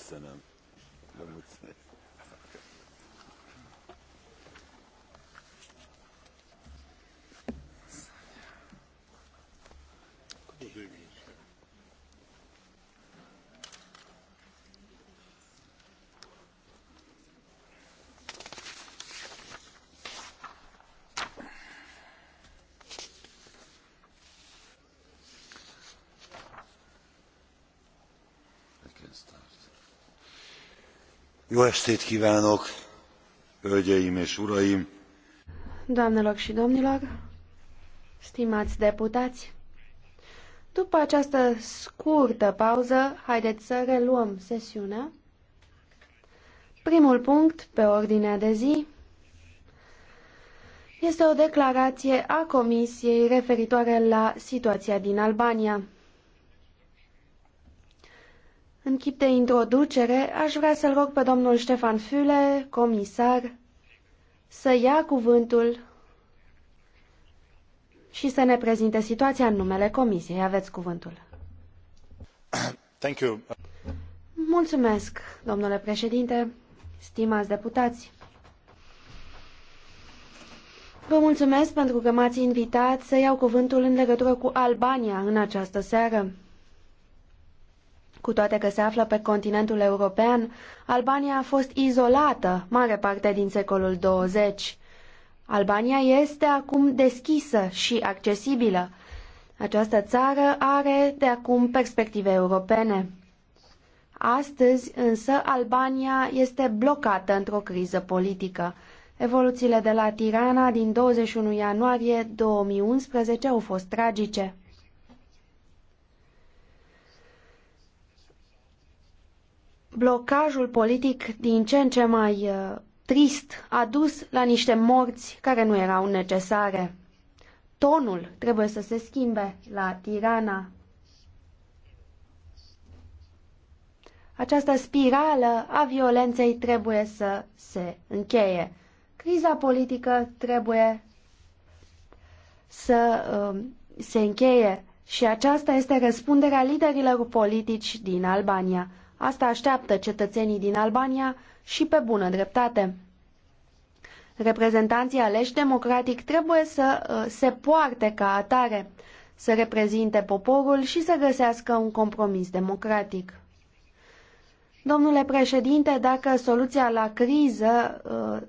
Köszönöm. Vă mulțumesc. Jó estét kívánok, hölgyeim és uraim! Doamnelor și domnilor, stimați deputați, după această scurtă pauză, haideți să reluăm sesiunea. Primul punct pe ordinea de zi este o declarație a Comisiei referitoare la situația din Albania. În chip de introducere, aș vrea să-l rog pe domnul Ștefan Füle, comisar, să ia cuvântul și să ne prezinte situația în numele Comisiei. Aveți cuvântul. Thank you. Mulțumesc, domnule președinte, stimați deputați. Vă mulțumesc pentru că m-ați invitat să iau cuvântul în legătură cu Albania în această seară. Cu toate că se află pe continentul european, Albania a fost izolată mare parte din secolul 20. Albania este acum deschisă și accesibilă. Această țară are de acum perspective europene. Astăzi, însă, Albania este blocată într-o criză politică. Evoluțiile de la Tirana din 21 ianuarie 2011 au fost tragice. blocajul politic din ce în ce mai uh, trist a dus la niște morți care nu erau necesare. Tonul trebuie să se schimbe la Tirana. Această spirală a violenței trebuie să se încheie. Criza politică trebuie să uh, se încheie și aceasta este răspunderea liderilor politici din Albania. Asta așteaptă cetățenii din Albania și pe bună dreptate. Reprezentanții aleși democratic trebuie să uh, se poarte ca atare, să reprezinte poporul și să găsească un compromis democratic. Domnule președinte, dacă soluția la criză uh,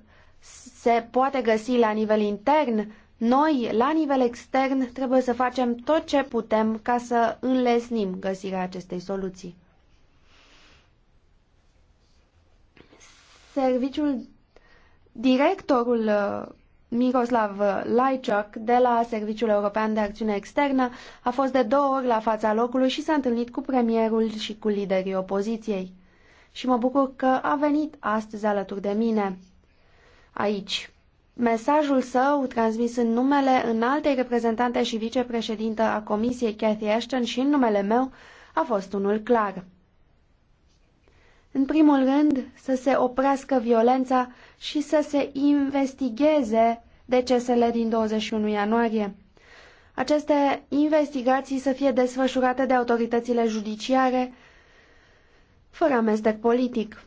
se poate găsi la nivel intern, noi, la nivel extern, trebuie să facem tot ce putem ca să înlesnim găsirea acestei soluții. serviciul directorul uh, Miroslav Lajciak de la Serviciul European de Acțiune Externă a fost de două ori la fața locului și s-a întâlnit cu premierul și cu liderii opoziției. Și mă bucur că a venit astăzi alături de mine. Aici. Mesajul său, transmis în numele altei reprezentante și vicepreședintă a Comisiei Cathy Ashton și în numele meu, a fost unul clar. În primul rând, să se oprească violența și să se investigheze decesele din 21 ianuarie. Aceste investigații să fie desfășurate de autoritățile judiciare, fără amestec politic.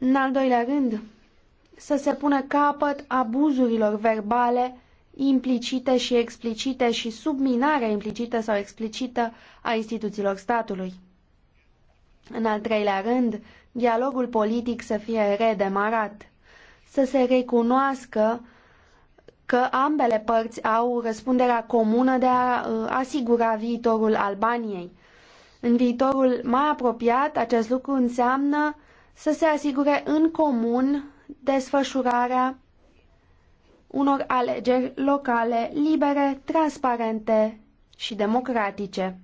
În al doilea rând, să se pună capăt abuzurilor verbale implicite și explicite și subminarea implicită sau explicită a instituțiilor statului. În al treilea rând, dialogul politic să fie redemarat, să se recunoască că ambele părți au răspunderea comună de a uh, asigura viitorul Albaniei. În viitorul mai apropiat, acest lucru înseamnă să se asigure în comun desfășurarea unor alegeri locale libere, transparente și democratice.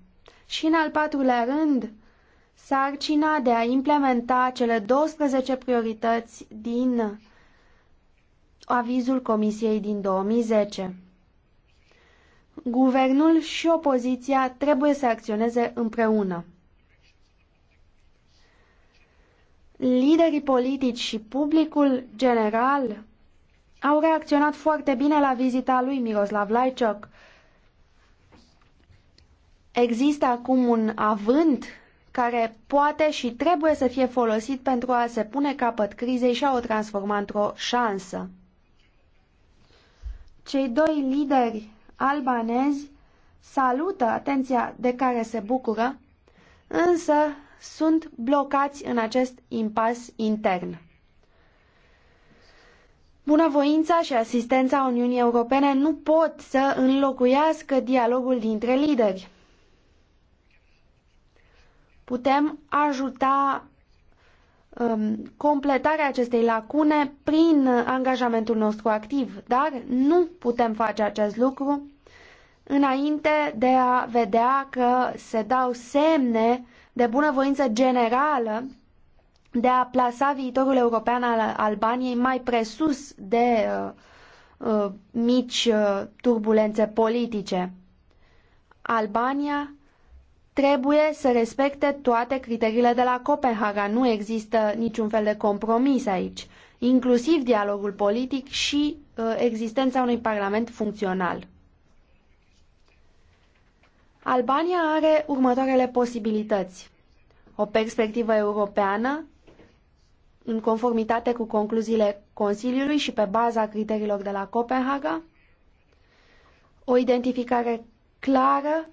Și în al patrulea rând, sarcina de a implementa cele 12 priorități din avizul Comisiei din 2010. Guvernul și opoziția trebuie să acționeze împreună. Liderii politici și publicul general au reacționat foarte bine la vizita lui Miroslav Lajciok. Există acum un avânt care poate și trebuie să fie folosit pentru a se pune capăt crizei și a o transforma într-o șansă. Cei doi lideri albanezi salută atenția de care se bucură, însă sunt blocați în acest impas intern. Bunăvoința și asistența Uniunii Europene nu pot să înlocuiască dialogul dintre lideri. Putem ajuta um, completarea acestei lacune prin angajamentul nostru activ, dar nu putem face acest lucru înainte de a vedea că se dau semne de bunăvoință generală de a plasa viitorul european al Albaniei mai presus de uh, uh, mici uh, turbulențe politice. Albania trebuie să respecte toate criteriile de la Copenhaga. Nu există niciun fel de compromis aici, inclusiv dialogul politic și uh, existența unui parlament funcțional. Albania are următoarele posibilități. O perspectivă europeană, în conformitate cu concluziile Consiliului și pe baza criteriilor de la Copenhaga, o identificare clară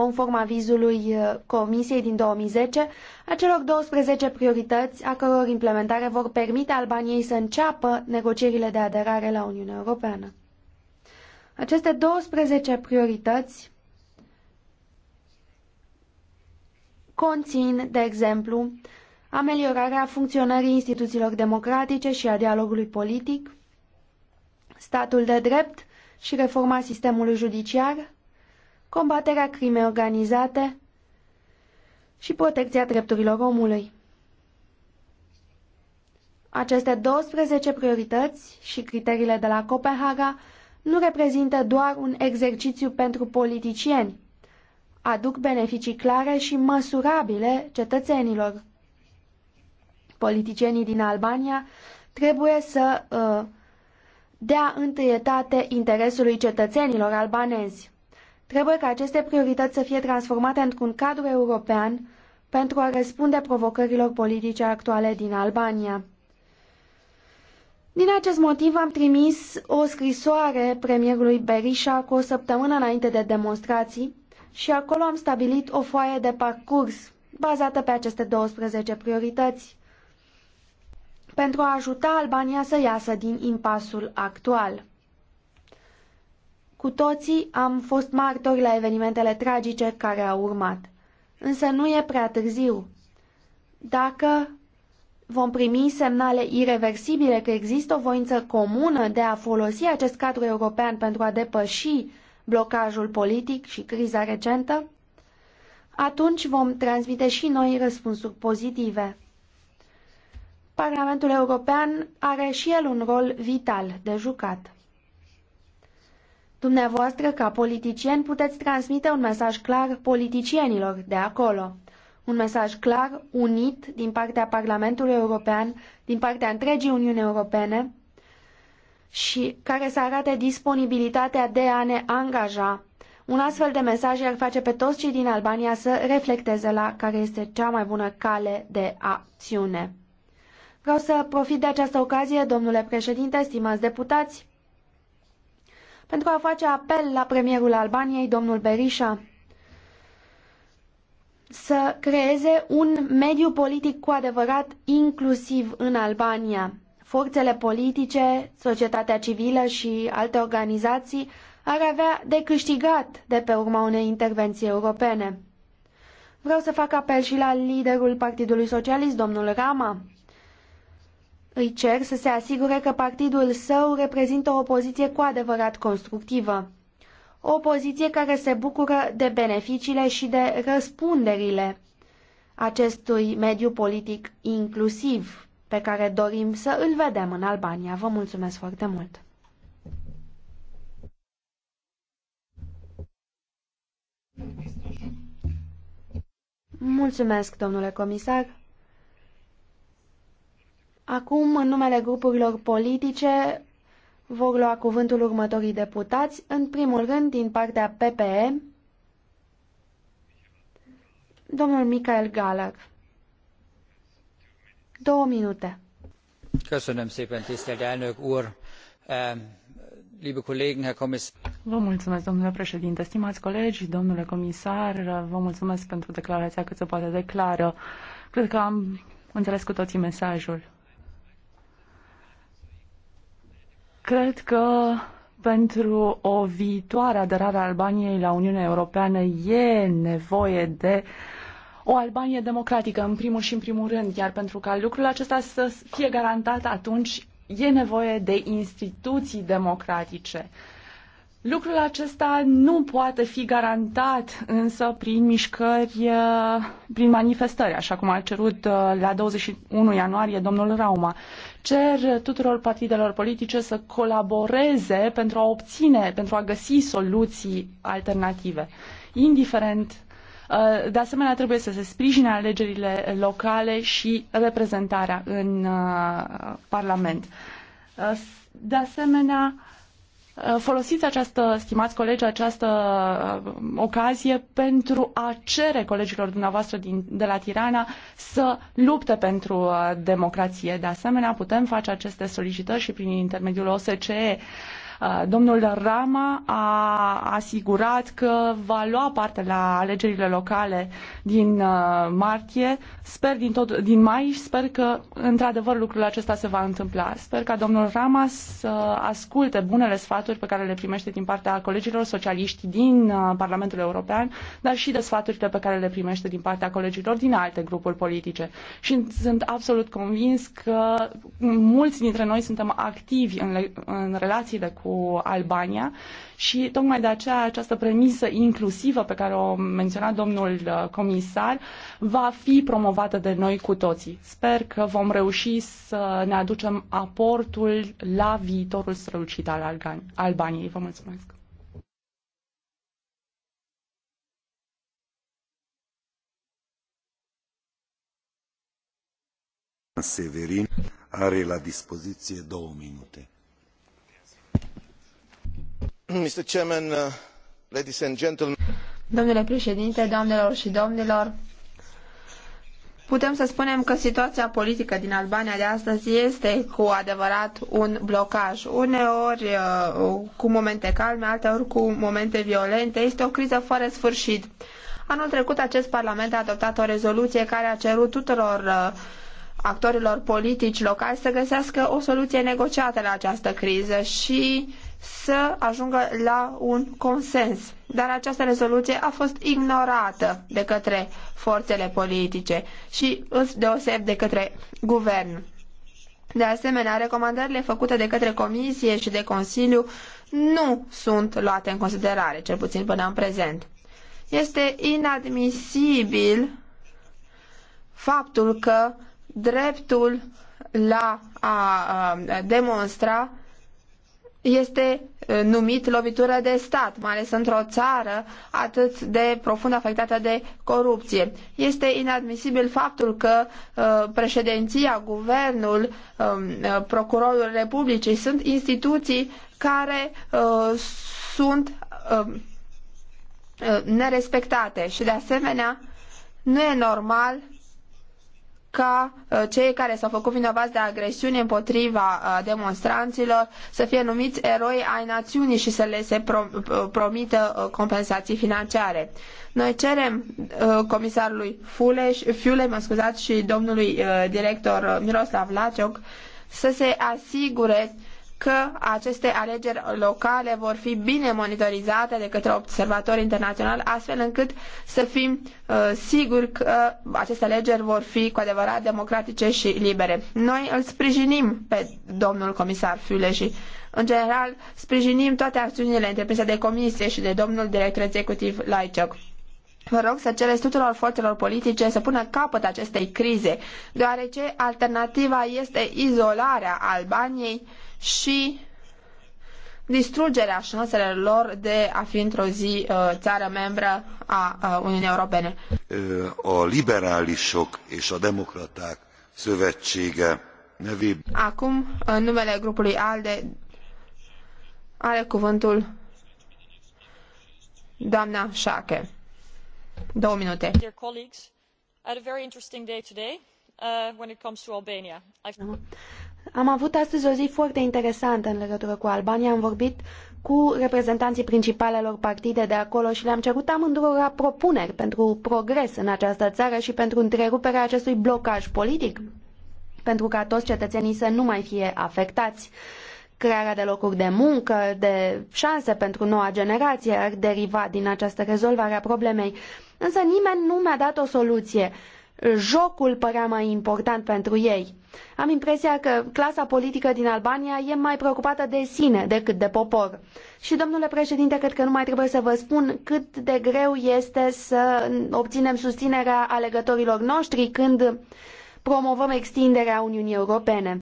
conform avizului uh, Comisiei din 2010, a celor 12 priorități a căror implementare vor permite Albaniei să înceapă negocierile de aderare la Uniunea Europeană. Aceste 12 priorități conțin, de exemplu, ameliorarea funcționării instituțiilor democratice și a dialogului politic, statul de drept și reforma sistemului judiciar, combaterea crimei organizate și protecția drepturilor omului. Aceste 12 priorități și criteriile de la Copenhaga nu reprezintă doar un exercițiu pentru politicieni, aduc beneficii clare și măsurabile cetățenilor. Politicienii din Albania trebuie să uh, dea întâietate interesului cetățenilor albanezi. Trebuie ca aceste priorități să fie transformate într-un cadru european pentru a răspunde provocărilor politice actuale din Albania. Din acest motiv am trimis o scrisoare premierului Berisha cu o săptămână înainte de demonstrații și acolo am stabilit o foaie de parcurs bazată pe aceste 12 priorități pentru a ajuta Albania să iasă din impasul actual. Cu toții am fost martori la evenimentele tragice care au urmat. Însă nu e prea târziu. Dacă vom primi semnale irreversibile că există o voință comună de a folosi acest cadru european pentru a depăși blocajul politic și criza recentă, atunci vom transmite și noi răspunsuri pozitive. Parlamentul European are și el un rol vital de jucat. Dumneavoastră, ca politicieni, puteți transmite un mesaj clar politicienilor de acolo. Un mesaj clar, unit, din partea Parlamentului European, din partea întregii Uniuni Europene și care să arate disponibilitatea de a ne angaja. Un astfel de mesaj ar face pe toți cei din Albania să reflecteze la care este cea mai bună cale de acțiune. Vreau să profit de această ocazie, domnule președinte, stimați deputați, pentru a face apel la premierul Albaniei, domnul Berisha, să creeze un mediu politic cu adevărat inclusiv în Albania. Forțele politice, societatea civilă și alte organizații ar avea de câștigat de pe urma unei intervenții europene. Vreau să fac apel și la liderul Partidului Socialist, domnul Rama, îi cer să se asigure că partidul său reprezintă o opoziție cu adevărat constructivă. O opoziție care se bucură de beneficiile și de răspunderile acestui mediu politic inclusiv pe care dorim să îl vedem în Albania. Vă mulțumesc foarte mult! Mulțumesc, domnule comisar! Acum, în numele grupurilor politice, vor lua cuvântul următorii deputați, în primul rând din partea PPE, domnul Michael Galag. Două minute. Köszönöm szépen, tisztelt elnök úr! Liebe Kollegen, Herr Kommissar! Vă mulțumesc, domnule președinte, stimați colegi, domnule comisar, vă mulțumesc pentru declarația cât se poate declară. Cred că am înțeles cu toții mesajul. Cred că pentru o viitoare aderare a Albaniei la Uniunea Europeană e nevoie de o Albanie democratică, în primul și în primul rând, iar pentru ca lucrul acesta să fie garantat, atunci e nevoie de instituții democratice. Lucrul acesta nu poate fi garantat însă prin mișcări, uh, prin manifestări, așa cum a cerut uh, la 21 ianuarie domnul Rauma. Cer tuturor partidelor politice să colaboreze pentru a obține, pentru a găsi soluții alternative, indiferent uh, de asemenea, trebuie să se sprijine alegerile locale și reprezentarea în Parlament. De asemenea, Uh, folosiți această, stimați colegi, această uh, ocazie pentru a cere colegilor dumneavoastră din, de la Tirana să lupte pentru uh, democrație. De asemenea, putem face aceste solicitări și prin intermediul OSCE. Uh, domnul Rama a asigurat că va lua parte la alegerile locale din uh, martie, sper din, tot, din mai și sper că într-adevăr lucrul acesta se va întâmpla. Sper ca domnul Rama să asculte bunele sfaturi pe care le primește din partea colegilor socialiști din uh, Parlamentul European, dar și de sfaturile pe care le primește din partea colegilor din alte grupuri politice. Și sunt absolut convins că mulți dintre noi suntem activi în, în relațiile cu Albania și tocmai de aceea această premisă inclusivă pe care o menționa domnul uh, comisar va fi promovată de noi cu toții. Sper că vom reuși să ne aducem aportul la viitorul strălucit al Albaniei. Vă mulțumesc! Severin are la dispoziție două minute. Uh, Domnule președinte, doamnelor și domnilor, putem să spunem că situația politică din Albania de astăzi este cu adevărat un blocaj. Uneori uh, cu momente calme, alteori cu momente violente. Este o criză fără sfârșit. Anul trecut acest Parlament a adoptat o rezoluție care a cerut tuturor uh, actorilor politici locali să găsească o soluție negociată la această criză și să ajungă la un consens. Dar această rezoluție a fost ignorată de către forțele politice și deoseb de către guvern. De asemenea, recomandările făcute de către Comisie și de Consiliu nu sunt luate în considerare, cel puțin până în prezent. Este inadmisibil faptul că dreptul la a demonstra este uh, numit lovitură de stat, mai ales într-o țară atât de profund afectată de corupție. Este inadmisibil faptul că uh, președinția, guvernul, um, uh, procurorul Republicii sunt instituții care sunt um, nerespectate și de asemenea nu e normal ca uh, cei care s-au făcut vinovați de agresiuni împotriva uh, demonstranților să fie numiți eroi ai națiunii și să le se uh, promită compensații financiare. Noi cerem comisarului Fuleș, Fiule, mă scuzați, și domnului director Miroslav Lacioc să se asigure că aceste alegeri locale vor fi bine monitorizate de către observatori internaționali, astfel încât să fim uh, siguri că aceste alegeri vor fi cu adevărat democratice și libere. Noi îl sprijinim pe domnul comisar Fiule și, în general, sprijinim toate acțiunile întreprinse de comisie și de domnul director executiv Laiceac. Vă rog să cereți tuturor forțelor politice să pună capăt acestei crize, deoarece alternativa este izolarea Albaniei și distrugerea șanselor lor de a fi într-o zi uh, țară membră a uh, Uniunii Europene. A liberálisok és a demokraták szövetsége nevében. Acum, în numele grupului ALDE, are cuvântul doamna Șache. Două minute. Dear colleagues, I had a very interesting day today uh, when it comes to Albania. I... Am avut astăzi o zi foarte interesantă în legătură cu Albania. Am vorbit cu reprezentanții principalelor partide de acolo și le-am cerut amândurora propuneri pentru progres în această țară și pentru întreruperea acestui blocaj politic, pentru ca toți cetățenii să nu mai fie afectați. Crearea de locuri de muncă, de șanse pentru noua generație ar deriva din această rezolvare a problemei. Însă nimeni nu mi-a dat o soluție jocul părea mai important pentru ei. Am impresia că clasa politică din Albania e mai preocupată de sine decât de popor. Și, domnule președinte, cred că nu mai trebuie să vă spun cât de greu este să obținem susținerea alegătorilor noștri când promovăm extinderea Uniunii Europene.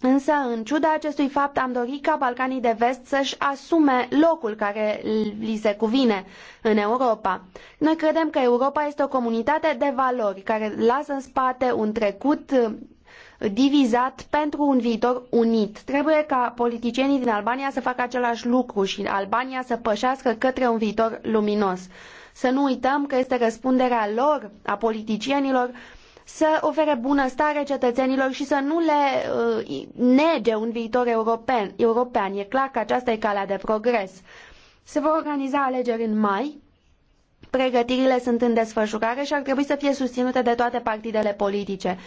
Însă, în ciuda acestui fapt, am dorit ca Balcanii de Vest să-și asume locul care li se cuvine în Europa. Noi credem că Europa este o comunitate de valori care lasă în spate un trecut uh, divizat pentru un viitor unit. Trebuie ca politicienii din Albania să facă același lucru și Albania să pășească către un viitor luminos. Să nu uităm că este răspunderea lor, a politicienilor, să ofere bunăstare cetățenilor și să nu le uh, nege un viitor european. european. E clar că aceasta e calea de progres. Se vor organiza alegeri în mai. Pregătirile sunt în desfășurare și ar trebui să fie susținute de toate partidele politice.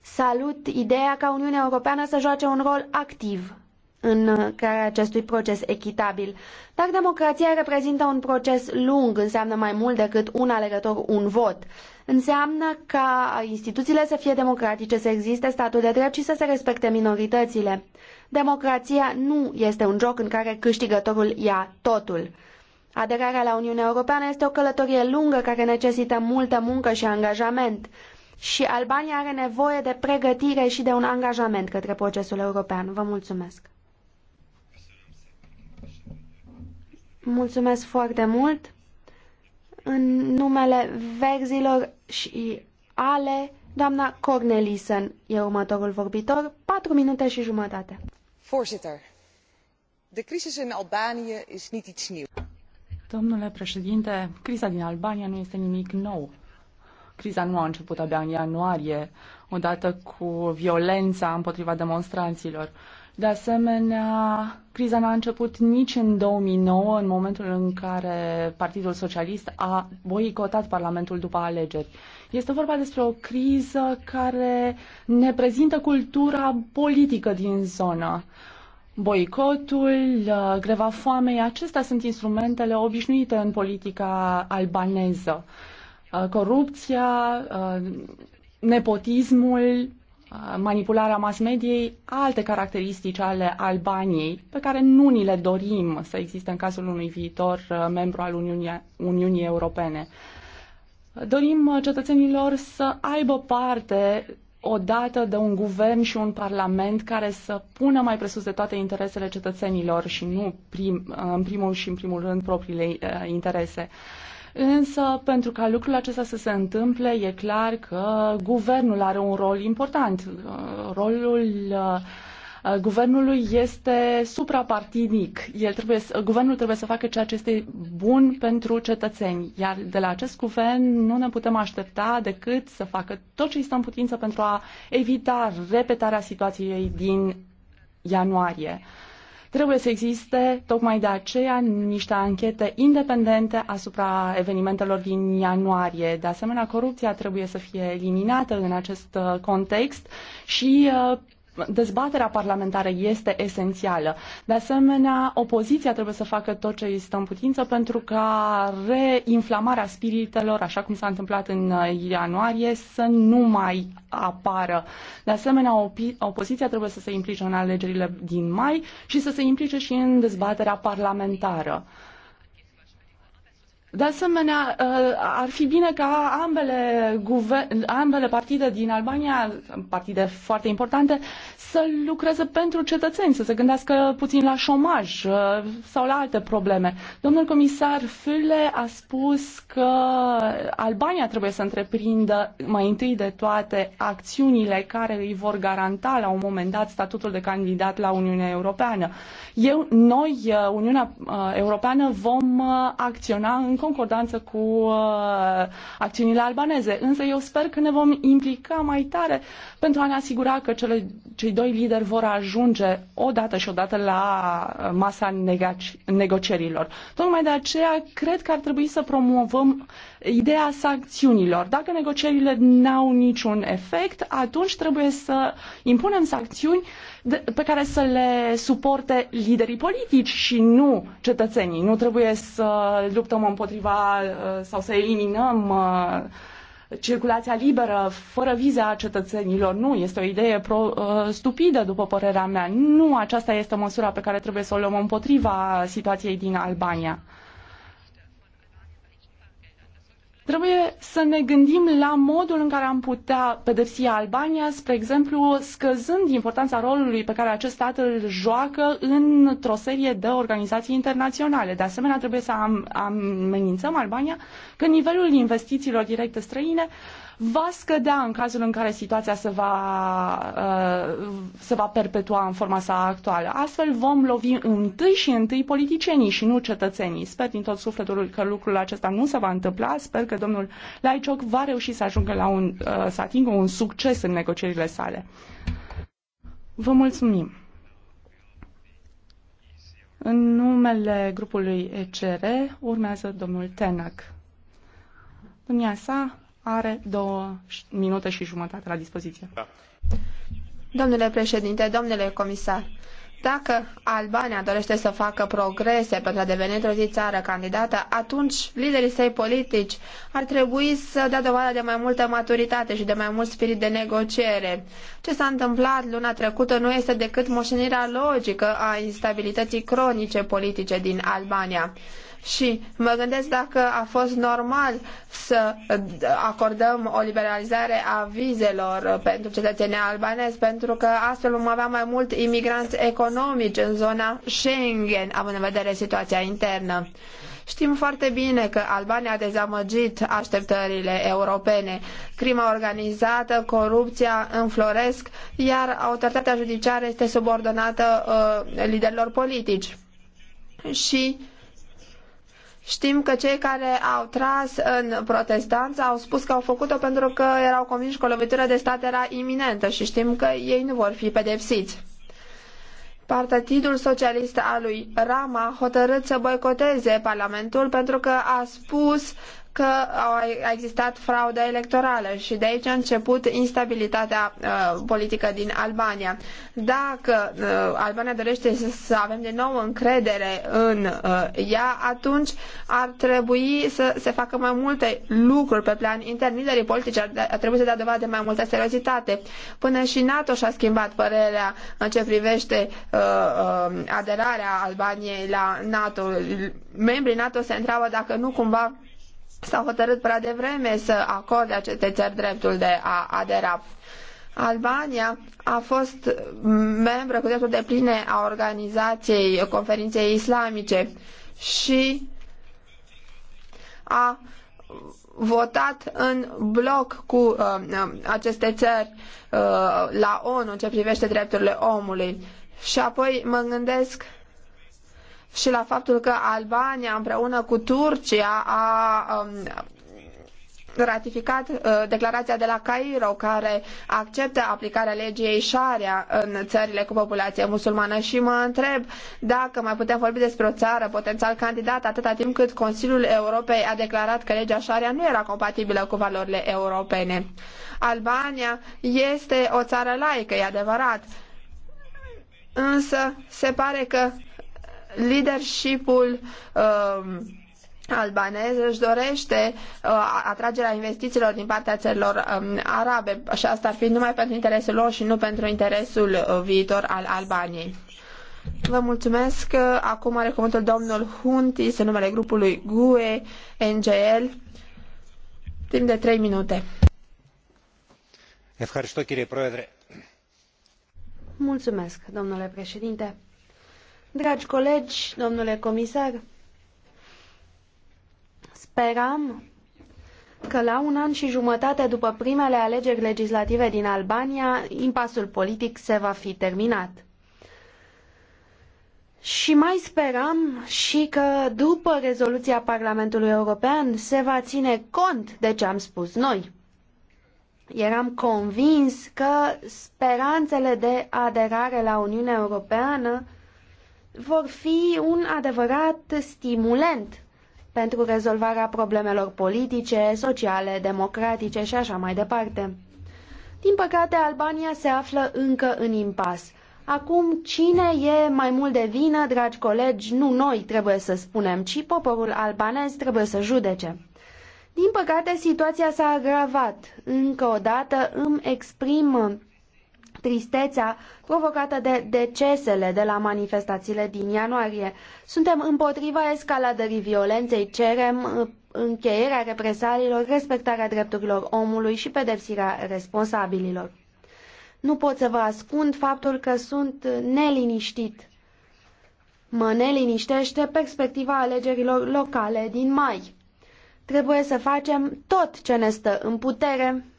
Salut ideea ca Uniunea Europeană să joace un rol activ în uh, crearea acestui proces echitabil. Dar democrația reprezintă un proces lung, înseamnă mai mult decât un alegător, un vot. Înseamnă ca instituțiile să fie democratice, să existe statul de drept și să se respecte minoritățile. Democrația nu este un joc în care câștigătorul ia totul. Aderarea la Uniunea Europeană este o călătorie lungă care necesită multă muncă și angajament. Și Albania are nevoie de pregătire și de un angajament către procesul european. Vă mulțumesc! Mulțumesc foarte mult. În numele verzilor și ale, doamna Cornelisen e următorul vorbitor, patru minute și jumătate. Voorzitter, de crisis în Albania is niet iets nieuw. Domnule președinte, criza din Albania nu este nimic nou. Criza nu a început abia în ianuarie, odată cu violența împotriva demonstranților. De asemenea, Criza n-a început nici în 2009, în momentul în care Partidul Socialist a boicotat Parlamentul după alegeri. Este vorba despre o criză care ne prezintă cultura politică din zonă. Boicotul, uh, greva foamei, acestea sunt instrumentele obișnuite în politica albaneză. Uh, corupția, uh, nepotismul, manipularea mass mediei alte caracteristici ale Albaniei pe care nu ni le dorim să existe în cazul unui viitor uh, membru al Uniunii, Uniunii Europene. Dorim uh, cetățenilor să aibă parte odată de un guvern și un parlament care să pună mai presus de toate interesele cetățenilor și nu prim, uh, în primul și în primul rând propriile interese. Uh, Însă, pentru ca lucrul acesta să se întâmple, e clar că guvernul are un rol important. Uh, rolul uh, uh, guvernului este suprapartinic. El trebuie să, guvernul trebuie să facă ceea ce este bun pentru cetățeni, iar de la acest guvern nu ne putem aștepta decât să facă tot ce este în putință pentru a evita repetarea situației din ianuarie. Uh, Trebuie să existe tocmai de aceea niște anchete independente asupra evenimentelor din ianuarie. De asemenea, corupția trebuie să fie eliminată în acest uh, context și uh, dezbaterea parlamentară este esențială. De asemenea, opoziția trebuie să facă tot ce este în putință pentru ca reinflamarea spiritelor, așa cum s-a întâmplat în uh, ianuarie, să nu mai apară. De asemenea, opoziția trebuie să se implice în alegerile din mai și să se implice și în dezbaterea parlamentară. De asemenea, uh, ar fi bine ca ambele, guvern, ambele partide din Albania, partide foarte importante, să lucreze pentru cetățeni, să se gândească puțin la șomaj uh, sau la alte probleme. Domnul comisar Füle a spus că Albania trebuie să întreprindă mai întâi de toate acțiunile care îi vor garanta la un moment dat statutul de candidat la Uniunea Europeană. Eu, noi, uh, Uniunea Europeană, vom acționa în concordanță cu uh, acțiunile albaneze. Însă eu sper că ne vom implica mai tare pentru a ne asigura că cele, cei doi lideri vor ajunge odată și odată la uh, masa negaci, negocierilor. Tocmai de aceea cred că ar trebui să promovăm uh, ideea sancțiunilor. Dacă negocierile n-au niciun efect, atunci trebuie să impunem sancțiuni pe care să le suporte liderii politici și nu cetățenii. Nu trebuie să luptăm împotriva uh, sau să eliminăm uh, circulația liberă, fără vize a cetățenilor. Nu, este o idee pro, uh, stupidă, după părerea mea. Nu aceasta este măsura pe care trebuie să o luăm împotriva situației din Albania. Trebuie să ne gândim la modul în care am putea pedepsi Albania, spre exemplu, scăzând importanța rolului pe care acest stat îl joacă într-o serie de organizații internaționale. De asemenea, trebuie să am, amenințăm Albania că nivelul investițiilor directe străine va scădea în cazul în care situația se va, uh, se va perpetua în forma sa actuală. Astfel vom lovi întâi și întâi politicienii și nu cetățenii. Sper din tot sufletul că lucrul acesta nu se va întâmpla. Sper că domnul Laicioc va reuși să ajungă la un, uh, să atingă un succes în negocierile sale. Vă mulțumim. În numele grupului ECR urmează domnul Tenac. Domnia sa are două minute și jumătate la dispoziție. Da. Domnule președinte, domnule comisar, dacă Albania dorește să facă progrese pentru a deveni într-o zi țară candidată, atunci liderii săi politici ar trebui să dea dovadă de mai multă maturitate și de mai mult spirit de negociere. Ce s-a întâmplat luna trecută nu este decât moșenirea logică a instabilității cronice politice din Albania. Și mă gândesc dacă a fost normal să uh, acordăm o liberalizare a vizelor uh, pentru cetățenii albanezi, pentru că astfel vom avea mai mult imigranți economici în zona Schengen, având în vedere situația internă. Știm foarte bine că Albania a dezamăgit așteptările europene. Crima organizată, corupția înfloresc, iar autoritatea judiciară este subordonată uh, liderilor politici. Și Știm că cei care au tras în protestanți au spus că au făcut-o pentru că erau convinși că o lovitură de stat era iminentă și știm că ei nu vor fi pedepsiți. Partidul Socialist al lui Rama hotărât să boicoteze Parlamentul pentru că a spus că a existat fraudă electorală și de aici a început instabilitatea uh, politică din Albania. Dacă uh, Albania dorește să, să, avem de nou încredere în uh, ea, atunci ar trebui să se facă mai multe lucruri pe plan intern. Liderii politici ar, da, ar trebui să dea dovadă de mai multă seriozitate. Până și NATO și-a schimbat părerea în ce privește uh, uh, aderarea Albaniei la NATO. Membrii NATO se întreabă dacă nu cumva s-a hotărât prea devreme să acorde aceste țări dreptul de a adera. Albania a fost membră cu dreptul de pline a organizației conferinței islamice și a votat în bloc cu uh, uh aceste țări uh, la ONU în ce privește drepturile omului. Și apoi mă gândesc și la faptul că Albania împreună cu Turcia a um, ratificat uh, declarația de la Cairo care acceptă aplicarea legii Sharia în țările cu populație musulmană și mă întreb dacă mai putem vorbi despre o țară potențial candidată atâta timp cât Consiliul Europei a declarat că legea Sharia nu era compatibilă cu valorile europene. Albania este o țară laică, e adevărat, însă se pare că Leadershipul uh, albanez își dorește uh, atragerea investițiilor din partea țărilor uh, arabe și asta ar fi numai pentru interesul lor și nu pentru interesul uh, viitor al Albaniei. Vă mulțumesc. Acum are cuvântul domnul Hunti, se numele grupului GUE NGL timp de 3 minute. Mulțumesc, domnule președinte. Dragi colegi, domnule comisar, speram că la un an și jumătate după primele alegeri legislative din Albania, impasul politic se va fi terminat. Și mai speram și că după rezoluția Parlamentului European se va ține cont de ce am spus noi. Eram convins că speranțele de aderare la Uniunea Europeană vor fi un adevărat stimulent pentru rezolvarea problemelor politice, sociale, democratice și așa mai departe. Din păcate, Albania se află încă în impas. Acum, cine e mai mult de vină, dragi colegi, nu noi trebuie să spunem, ci poporul albanez trebuie să judece. Din păcate, situația s-a agravat. Încă o dată îmi exprim tristețea provocată de decesele de la manifestațiile din ianuarie. Suntem împotriva escaladării violenței, cerem uh, încheierea represaliilor, respectarea drepturilor omului și pedepsirea responsabililor. Nu pot să vă ascund faptul că sunt neliniștit. Mă neliniștește perspectiva alegerilor locale din mai. Trebuie să facem tot ce ne stă în putere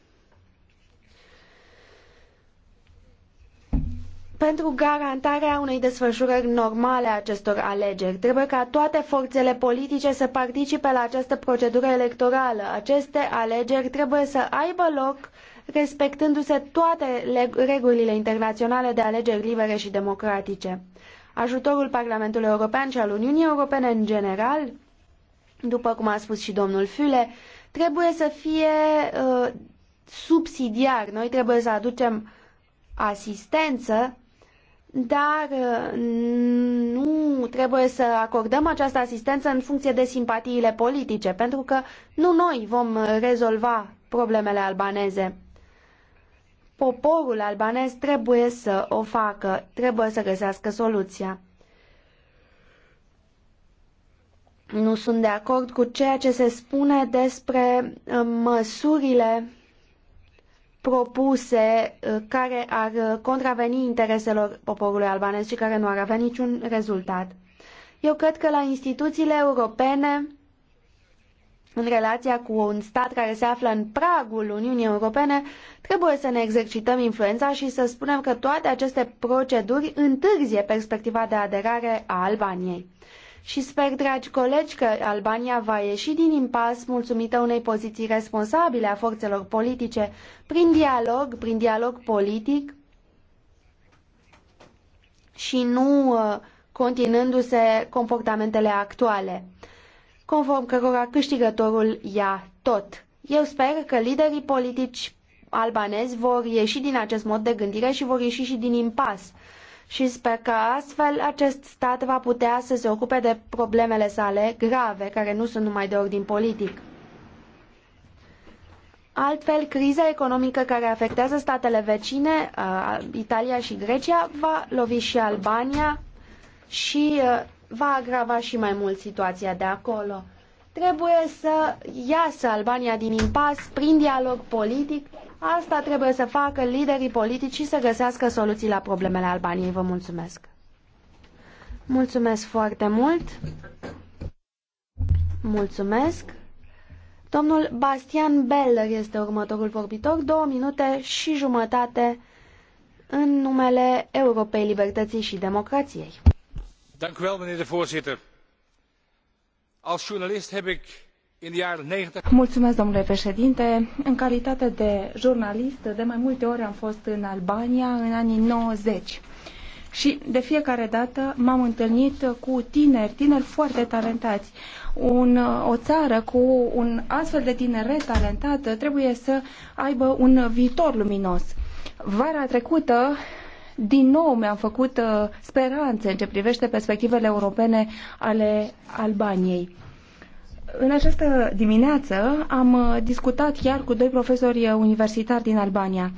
pentru garantarea unei desfășurări normale a acestor alegeri. Trebuie ca toate forțele politice să participe la această procedură electorală. Aceste alegeri trebuie să aibă loc respectându-se toate regulile internaționale de alegeri libere și democratice. Ajutorul Parlamentului European și al Uniunii Europene în general, după cum a spus și domnul Füle, trebuie să fie uh, subsidiar. Noi trebuie să aducem asistență dar uh, nu trebuie să acordăm această asistență în funcție de simpatiile politice, pentru că nu noi vom rezolva problemele albaneze. Poporul albanez trebuie să o facă, trebuie să găsească soluția. Nu sunt de acord cu ceea ce se spune despre uh, măsurile propuse uh, care ar uh, contraveni intereselor poporului albanez și care nu ar avea niciun rezultat. Eu cred că la instituțiile europene, în relația cu un stat care se află în pragul Uniunii Europene, trebuie să ne exercităm influența și să spunem că toate aceste proceduri întârzie perspectiva de aderare a Albaniei și sper, dragi colegi, că Albania va ieși din impas mulțumită unei poziții responsabile a forțelor politice prin dialog, prin dialog politic și nu uh, continuându-se comportamentele actuale, conform cărora câștigătorul ia tot. Eu sper că liderii politici albanezi vor ieși din acest mod de gândire și vor ieși și din impas și sper că astfel acest stat va putea să se ocupe de problemele sale grave, care nu sunt numai de ordin politic. Altfel, criza economică care afectează statele vecine, Italia și Grecia, va lovi și Albania și va agrava și mai mult situația de acolo. Trebuie să iasă Albania din impas prin dialog politic Asta trebuie să facă liderii politici și să găsească soluții la problemele Albaniei. Vă mulțumesc! Mulțumesc foarte mult! Mulțumesc! Domnul Bastian Beller este următorul vorbitor, două minute și jumătate în numele Europei Libertății și Democrației. Dank u wel, meneer de voorzitter. Als journalist heb ik Mulțumesc, domnule președinte. În calitate de jurnalist, de mai multe ori am fost în Albania în anii 90. Și de fiecare dată m-am întâlnit cu tineri, tineri foarte talentați. Un, o țară cu un astfel de tineret talentat trebuie să aibă un viitor luminos. Vara trecută din nou mi-am făcut uh, speranțe în ce privește perspectivele europene ale Albaniei în această dimineață am uh, discutat chiar cu doi profesori uh, universitari din Albania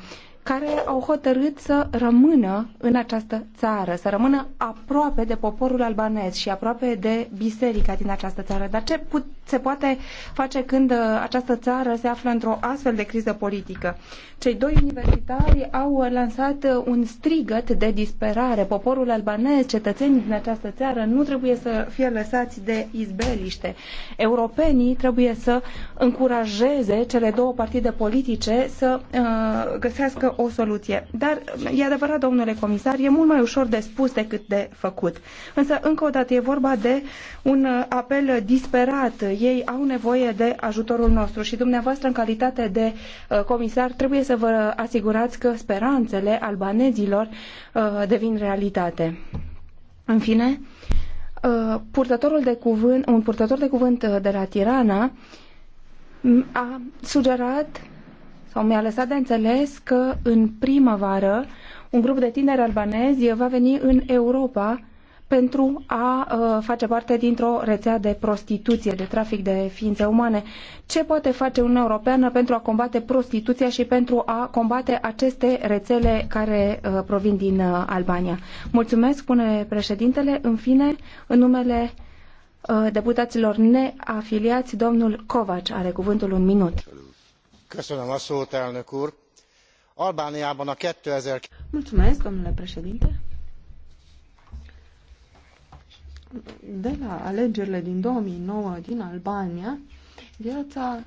care au hotărât să rămână în această țară, să rămână aproape de poporul albanez și aproape de biserica din această țară. Dar ce se poate face când uh, această țară se află într-o astfel de criză politică? Cei doi universitari au uh, lansat uh, un strigăt de disperare. Poporul albanez, cetățenii din această țară, nu trebuie să fie lăsați de izbeliște. Europenii trebuie să încurajeze cele două partide politice să uh, găsească o soluție. Dar, uh, e adevărat, domnule comisar, e mult mai ușor de spus decât de făcut. Însă, încă o dată, e vorba de un apel disperat. Ei au nevoie de ajutorul nostru și dumneavoastră, în calitate de uh, comisar, trebuie să să vă asigurați că speranțele albanezilor uh, devin realitate. În fine, uh, purtătorul de cuvânt, un purtător de cuvânt uh, de la Tirana a sugerat sau mi-a lăsat de înțeles că în primăvară un grup de tineri albanezi va veni în Europa pentru a uh, face parte dintr-o rețea de prostituție, de trafic de ființe umane. Ce poate face Uniunea Europeană pentru a combate prostituția și pentru a combate aceste rețele care uh, provin din uh, Albania? Mulțumesc, spune președintele. În fine, în numele deputaților neafiliați, domnul Kovac are cuvântul un minut. Mulțumesc, domnule președinte. de la alegerile din 2009 din Albania, viața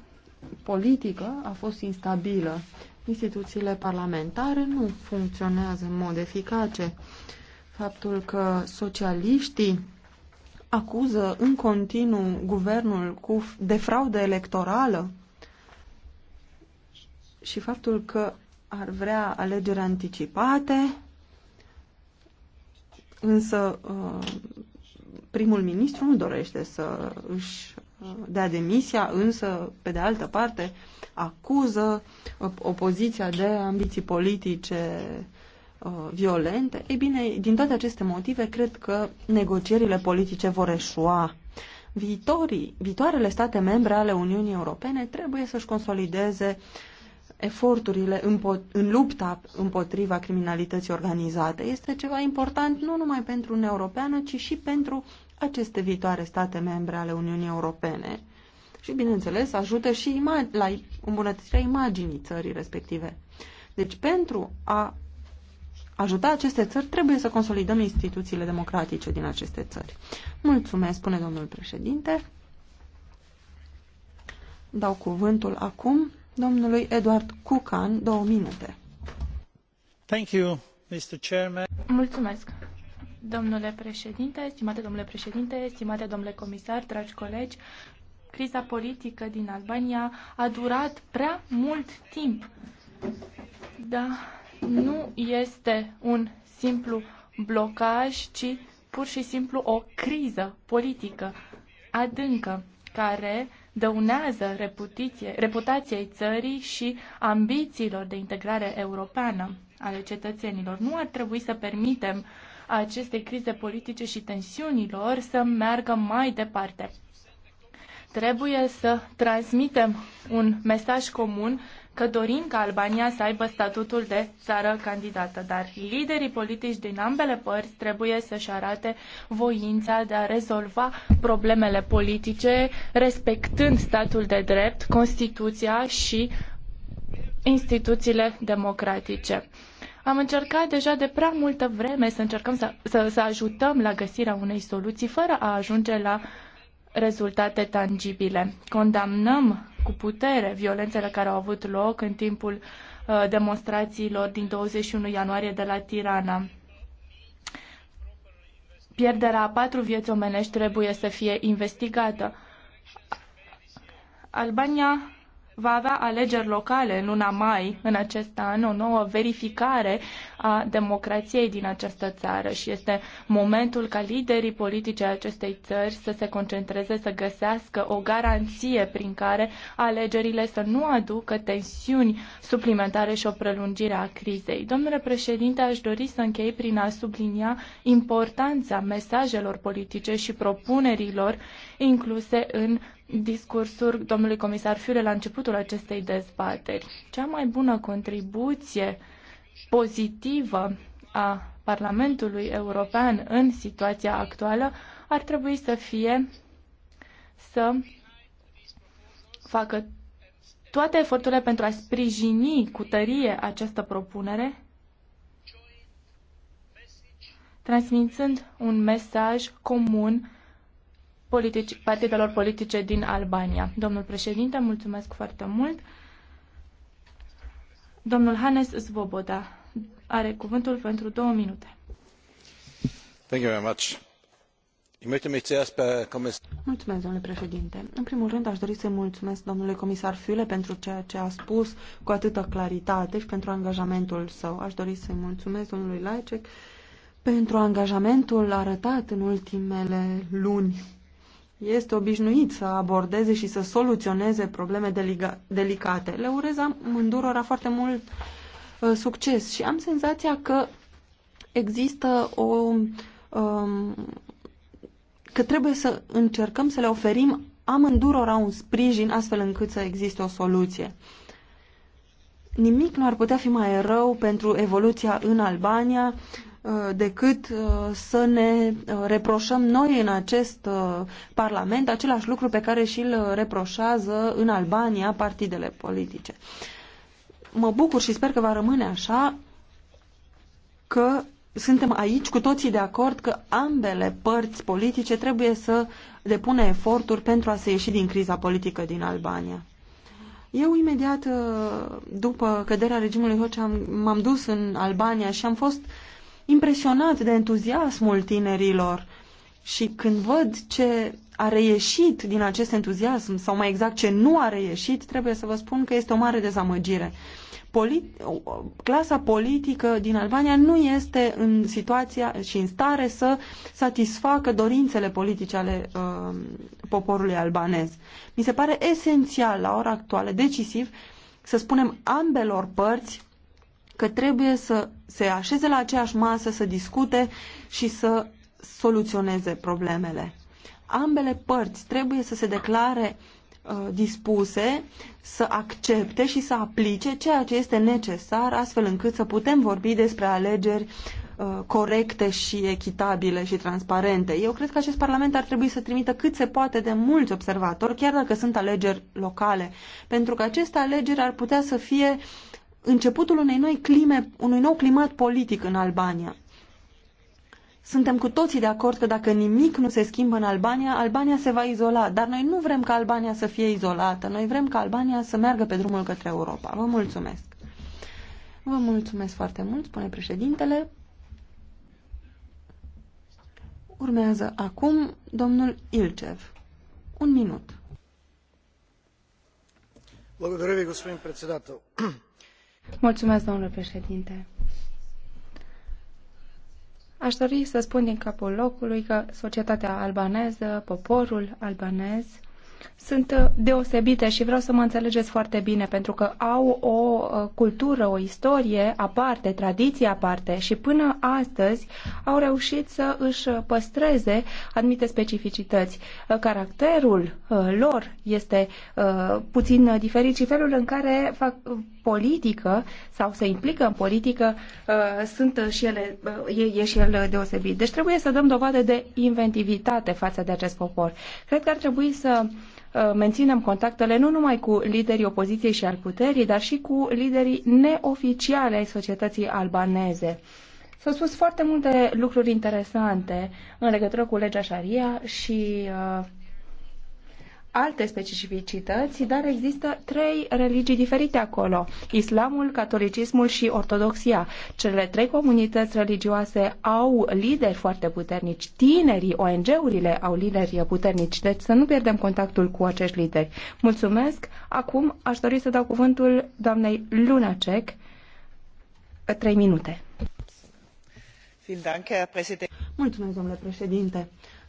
politică a fost instabilă. Instituțiile parlamentare nu funcționează în mod eficace. Faptul că socialiștii acuză în continuu guvernul cu de fraudă electorală și faptul că ar vrea alegeri anticipate, însă uh, primul ministru nu dorește să își uh, dea demisia, însă, pe de altă parte, acuză uh, opoziția de ambiții politice uh, violente. Ei bine, din toate aceste motive, cred că negocierile politice vor eșua. Viitorii, viitoarele state membre ale Uniunii Europene trebuie să-și consolideze eforturile în lupta împotriva criminalității organizate. Este ceva important nu numai pentru Uniunea Europeană, ci și pentru aceste viitoare state membre ale Uniunii Europene și, bineînțeles, ajută și la îmbunătățirea imaginii țării respective. Deci, pentru a ajuta aceste țări, trebuie să consolidăm instituțiile democratice din aceste țări. Mulțumesc, spune domnul președinte. Dau cuvântul acum domnului Eduard Cucan, două minute. Thank you, Mr. Chairman. Mulțumesc. Domnule președinte, stimate domnule președinte, stimate domnule comisar, dragi colegi, criza politică din Albania a durat prea mult timp. Da, nu este un simplu blocaj, ci pur și simplu o criză politică adâncă care dăunează reputației țării și ambițiilor de integrare europeană ale cetățenilor. Nu ar trebui să permitem uh, acestei crize politice și tensiunilor să meargă mai departe. Trebuie să transmitem un mesaj comun că dorim ca Albania să aibă statutul de țară candidată, dar liderii politici din ambele părți trebuie să-și arate voința de a rezolva problemele politice, respectând statul de drept, Constituția și instituțiile democratice. Am încercat deja de prea multă vreme să încercăm să, să, să ajutăm la găsirea unei soluții fără a ajunge la rezultate tangibile. Condamnăm cu putere violențele care au avut loc în timpul uh, demonstrațiilor din 21 ianuarie de la Tirana. Pierderea a patru vieți omenești trebuie să fie investigată. Albania va avea alegeri locale în luna mai în acest an, o nouă verificare a democrației din această țară și este momentul ca liderii politice ai acestei țări să se concentreze, să găsească o garanție prin care alegerile să nu aducă tensiuni suplimentare și o prelungire a crizei. Domnule președinte, aș dori să închei prin a sublinia importanța mesajelor politice și propunerilor incluse în discursul domnului comisar Fiule la începutul acestei dezbateri. Cea mai bună contribuție pozitivă a Parlamentului European în situația actuală ar trebui să fie să facă toate eforturile pentru a sprijini cu tărie această propunere, transmițând un mesaj comun politici, partidelor politice din Albania. Domnul președinte, mulțumesc foarte mult. Domnul Hannes Svoboda are cuvântul pentru două minute. Thank you very much. Mulțumesc, domnule președinte. În primul rând, aș dori să mulțumesc domnului comisar Fiule pentru ceea ce a spus cu atâtă claritate și pentru angajamentul său. Aș dori să-i mulțumesc domnului Laicec pentru angajamentul arătat în ultimele luni este obișnuit să abordeze și să soluționeze probleme delicate. Le urez amândurora foarte mult uh, succes și am senzația că există o... Um, că trebuie să încercăm să le oferim amândurora un sprijin astfel încât să existe o soluție. Nimic nu ar putea fi mai rău pentru evoluția în Albania Uh, decât uh, să ne uh, reproșăm noi în acest Parlament același lucru pe care și îl reproșează în Albania partidele politice. Mă bucur și sper că va rămâne așa că suntem aici cu toții de acord că ambele părți politice trebuie să depună eforturi pentru a se ieși din criza politică din Albania. Eu imediat după căderea regimului Hoce m-am dus în Albania și am fost uh, impresionat de entuziasmul tinerilor și când văd ce a reieșit din acest entuziasm, sau mai exact ce nu a reieșit, trebuie să vă spun că este o mare dezamăgire. Polit- clasa politică din Albania nu este în situația și în stare să satisfacă dorințele politice ale uh, poporului albanez. Mi se pare esențial la ora actuală, decisiv, să spunem ambelor părți că trebuie să se așeze la aceeași masă, să discute și să soluționeze problemele. Ambele părți trebuie să se declare uh, dispuse să accepte și să aplice ceea ce este necesar astfel încât să putem vorbi despre alegeri uh, corecte și echitabile și transparente. Eu cred că acest Parlament ar trebui să trimită cât se poate de mulți observatori, chiar dacă sunt alegeri locale, pentru că aceste alegeri ar putea să fie începutul unei noi clime, unui nou climat politic în Albania. Suntem cu toții de acord că dacă nimic nu se schimbă în Albania, Albania se va izola. Dar noi nu vrem ca Albania să fie izolată. Noi vrem ca Albania să meargă pe drumul către Europa. Vă mulțumesc. Vă mulțumesc foarte mult, spune președintele. Urmează acum domnul Ilcev. Un minut. Благодаря ви, господин председател. Mulțumesc, președinte. Aș dori să spun din capul locului că societatea albaneză, poporul albanez, sunt uh, deosebite și vreau să mă înțelegeți foarte bine, pentru că au o uh, cultură, o istorie aparte, tradiție aparte și până astăzi au reușit să își uh, păstreze anumite specificități. Caracterul lor este puțin diferit și felul în care fac politică sau se implică în politică sunt și ele, e, e și el deosebit. Deci trebuie să dăm dovadă de inventivitate față de acest popor. Cred că ar trebui să Uh, menținem contactele nu numai cu liderii opoziției și al puterii, dar și cu liderii neoficiale ai societății albaneze. S-au spus foarte multe lucruri interesante în legătură cu legea Sharia și uh, alte specificități, dar există trei religii diferite acolo. Islamul, catolicismul și ortodoxia. Cele trei comunități religioase au lideri foarte puternici. Tinerii, ONG-urile au lideri puternici. Deci să nu pierdem contactul cu acești lideri. Mulțumesc. Acum aș dori să dau cuvântul doamnei Lunacek. Trei minute. Mulțumesc, domnule președinte.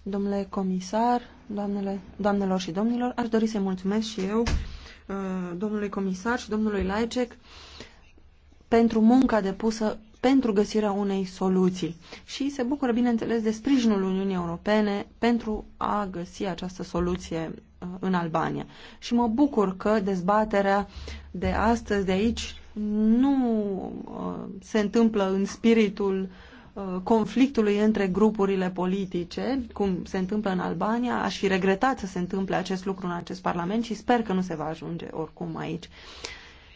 Domnule comisar, doamnele, doamnelor și domnilor, aș dori să-i mulțumesc și eu, uh, domnului comisar și domnului Laicec, pentru munca depusă pentru găsirea unei soluții și se bucură, bineînțeles, de sprijinul Uniunii Europene pentru a găsi această soluție uh, în Albania. Și mă bucur că dezbaterea de astăzi, de aici, nu uh, se întâmplă în spiritul Uh, conflictului între grupurile politice, cum se întâmplă în Albania. Aș fi regretat să se întâmple acest lucru în acest Parlament și sper că nu se va ajunge oricum aici.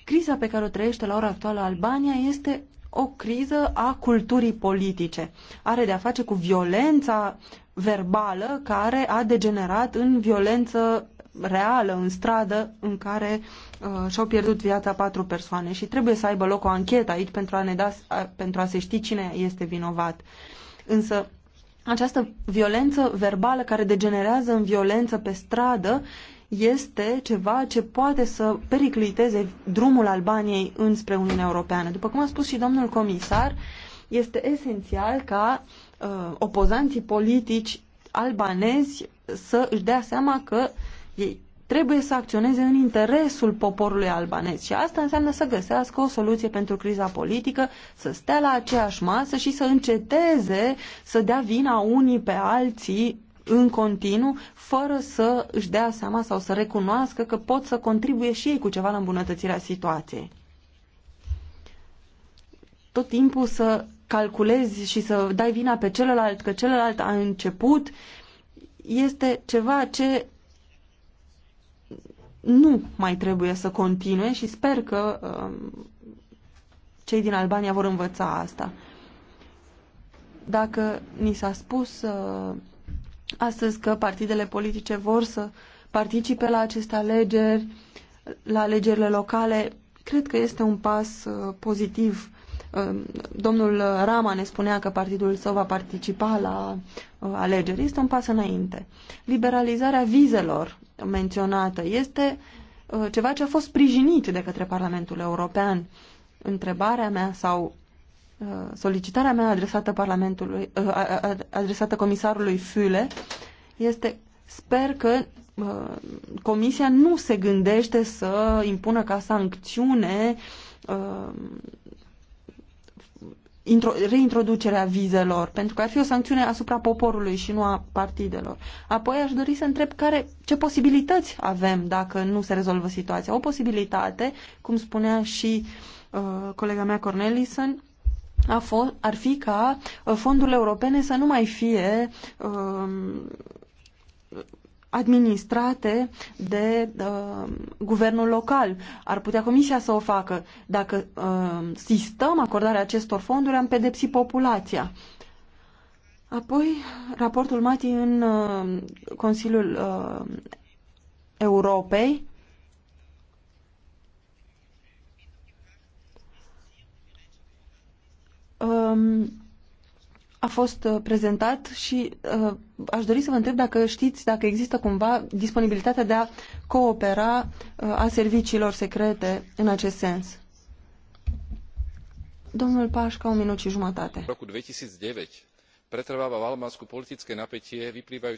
Criza pe care o trăiește la ora actuală Albania este o criză a culturii politice. Are de a face cu violența verbală care a degenerat în violență reală în stradă în care uh, și-au pierdut viața patru persoane și trebuie să aibă loc o anchetă aici pentru a, ne da, a, pentru a se ști cine este vinovat. Însă această violență verbală care degenerează în violență pe stradă este ceva ce poate să pericliteze drumul Albaniei înspre Uniunea Europeană. După cum a spus și domnul comisar, este esențial ca uh, opozanții politici albanezi să își dea seama că uh, ei trebuie să acționeze în interesul poporului albanez și asta înseamnă să găsească o soluție pentru criza politică, să stea la aceeași masă și să înceteze să dea vina unii pe alții în continuu, fără să își dea seama sau să recunoască că pot să contribuie și ei cu ceva la îmbunătățirea situației. Tot timpul să calculezi și să dai vina pe celălalt că celălalt a început este ceva ce nu mai trebuie să continue și sper că uh, cei din Albania vor învăța asta. Dacă ni s-a spus uh, astăzi că partidele politice vor să participe la aceste alegeri, la alegerile locale, cred că este un pas uh, pozitiv Ehm, domnul Rama ne spunea că partidul său va participa la uh, alegeri. Este un pas înainte. Liberalizarea vizelor menționată este uh, ceva ce a fost sprijinit de către Parlamentul European. Întrebarea mea sau uh, solicitarea mea adresată, Parlamentului, adresată comisarului Füle este sper că Comisia nu se gândește să impună ca sancțiune reintroducerea vizelor, pentru că ar fi o sancțiune asupra poporului și nu a partidelor. Apoi aș dori să întreb care, ce posibilități avem dacă nu se rezolvă situația. O posibilitate, cum spunea și uh, colega mea Cornelison, a fost, ar fi ca uh, fondurile europene să nu mai fie uh, administrate de uh, guvernul local. Ar putea comisia să o facă. Dacă uh, sistăm acordarea acestor fonduri, am pedepsi populația. Apoi, raportul Mati în uh, Consiliul uh, Europei um, a fost uh, prezentat și uh, aș dori să vă întreb dacă știți dacă există cumva disponibilitatea de a coopera uh, a serviciilor secrete în acest sens. Domnul Pașca, un minut și jumătate. În 2009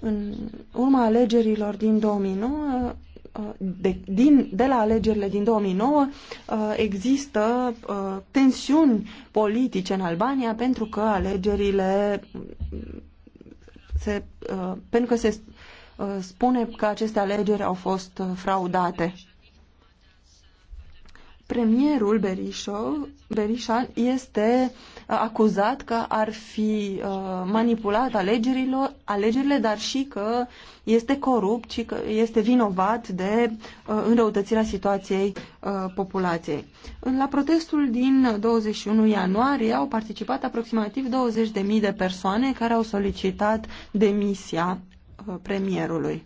În urma alegerilor din 2009, Uh, de, din, de la alegerile din 2009 uh, există uh, tensiuni politice în Albania pentru că alegerile se, pentru că se spune că aceste alegeri au fost fraudate. Premierul Berisha este uh, acuzat că ar fi uh, manipulat alegerile, alegerile, dar și că este corupt și că este vinovat de uh, înrăutățirea situației uh, populației. La protestul din 21 ianuarie au participat aproximativ 20.000 de persoane care au solicitat demisia premierului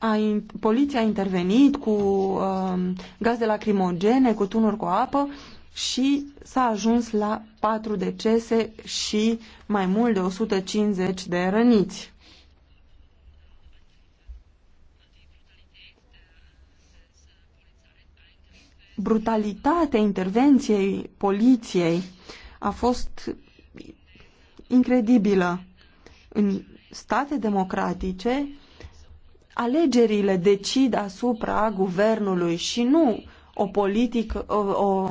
a in, poliția a intervenit cu uh, gaze lacrimogene, cu tunuri cu apă și s-a ajuns la 4 decese și mai mult de 150 de răniți. Brutalitatea intervenției poliției a fost incredibilă. În state democratice, alegerile decid asupra guvernului și nu o politică o, o,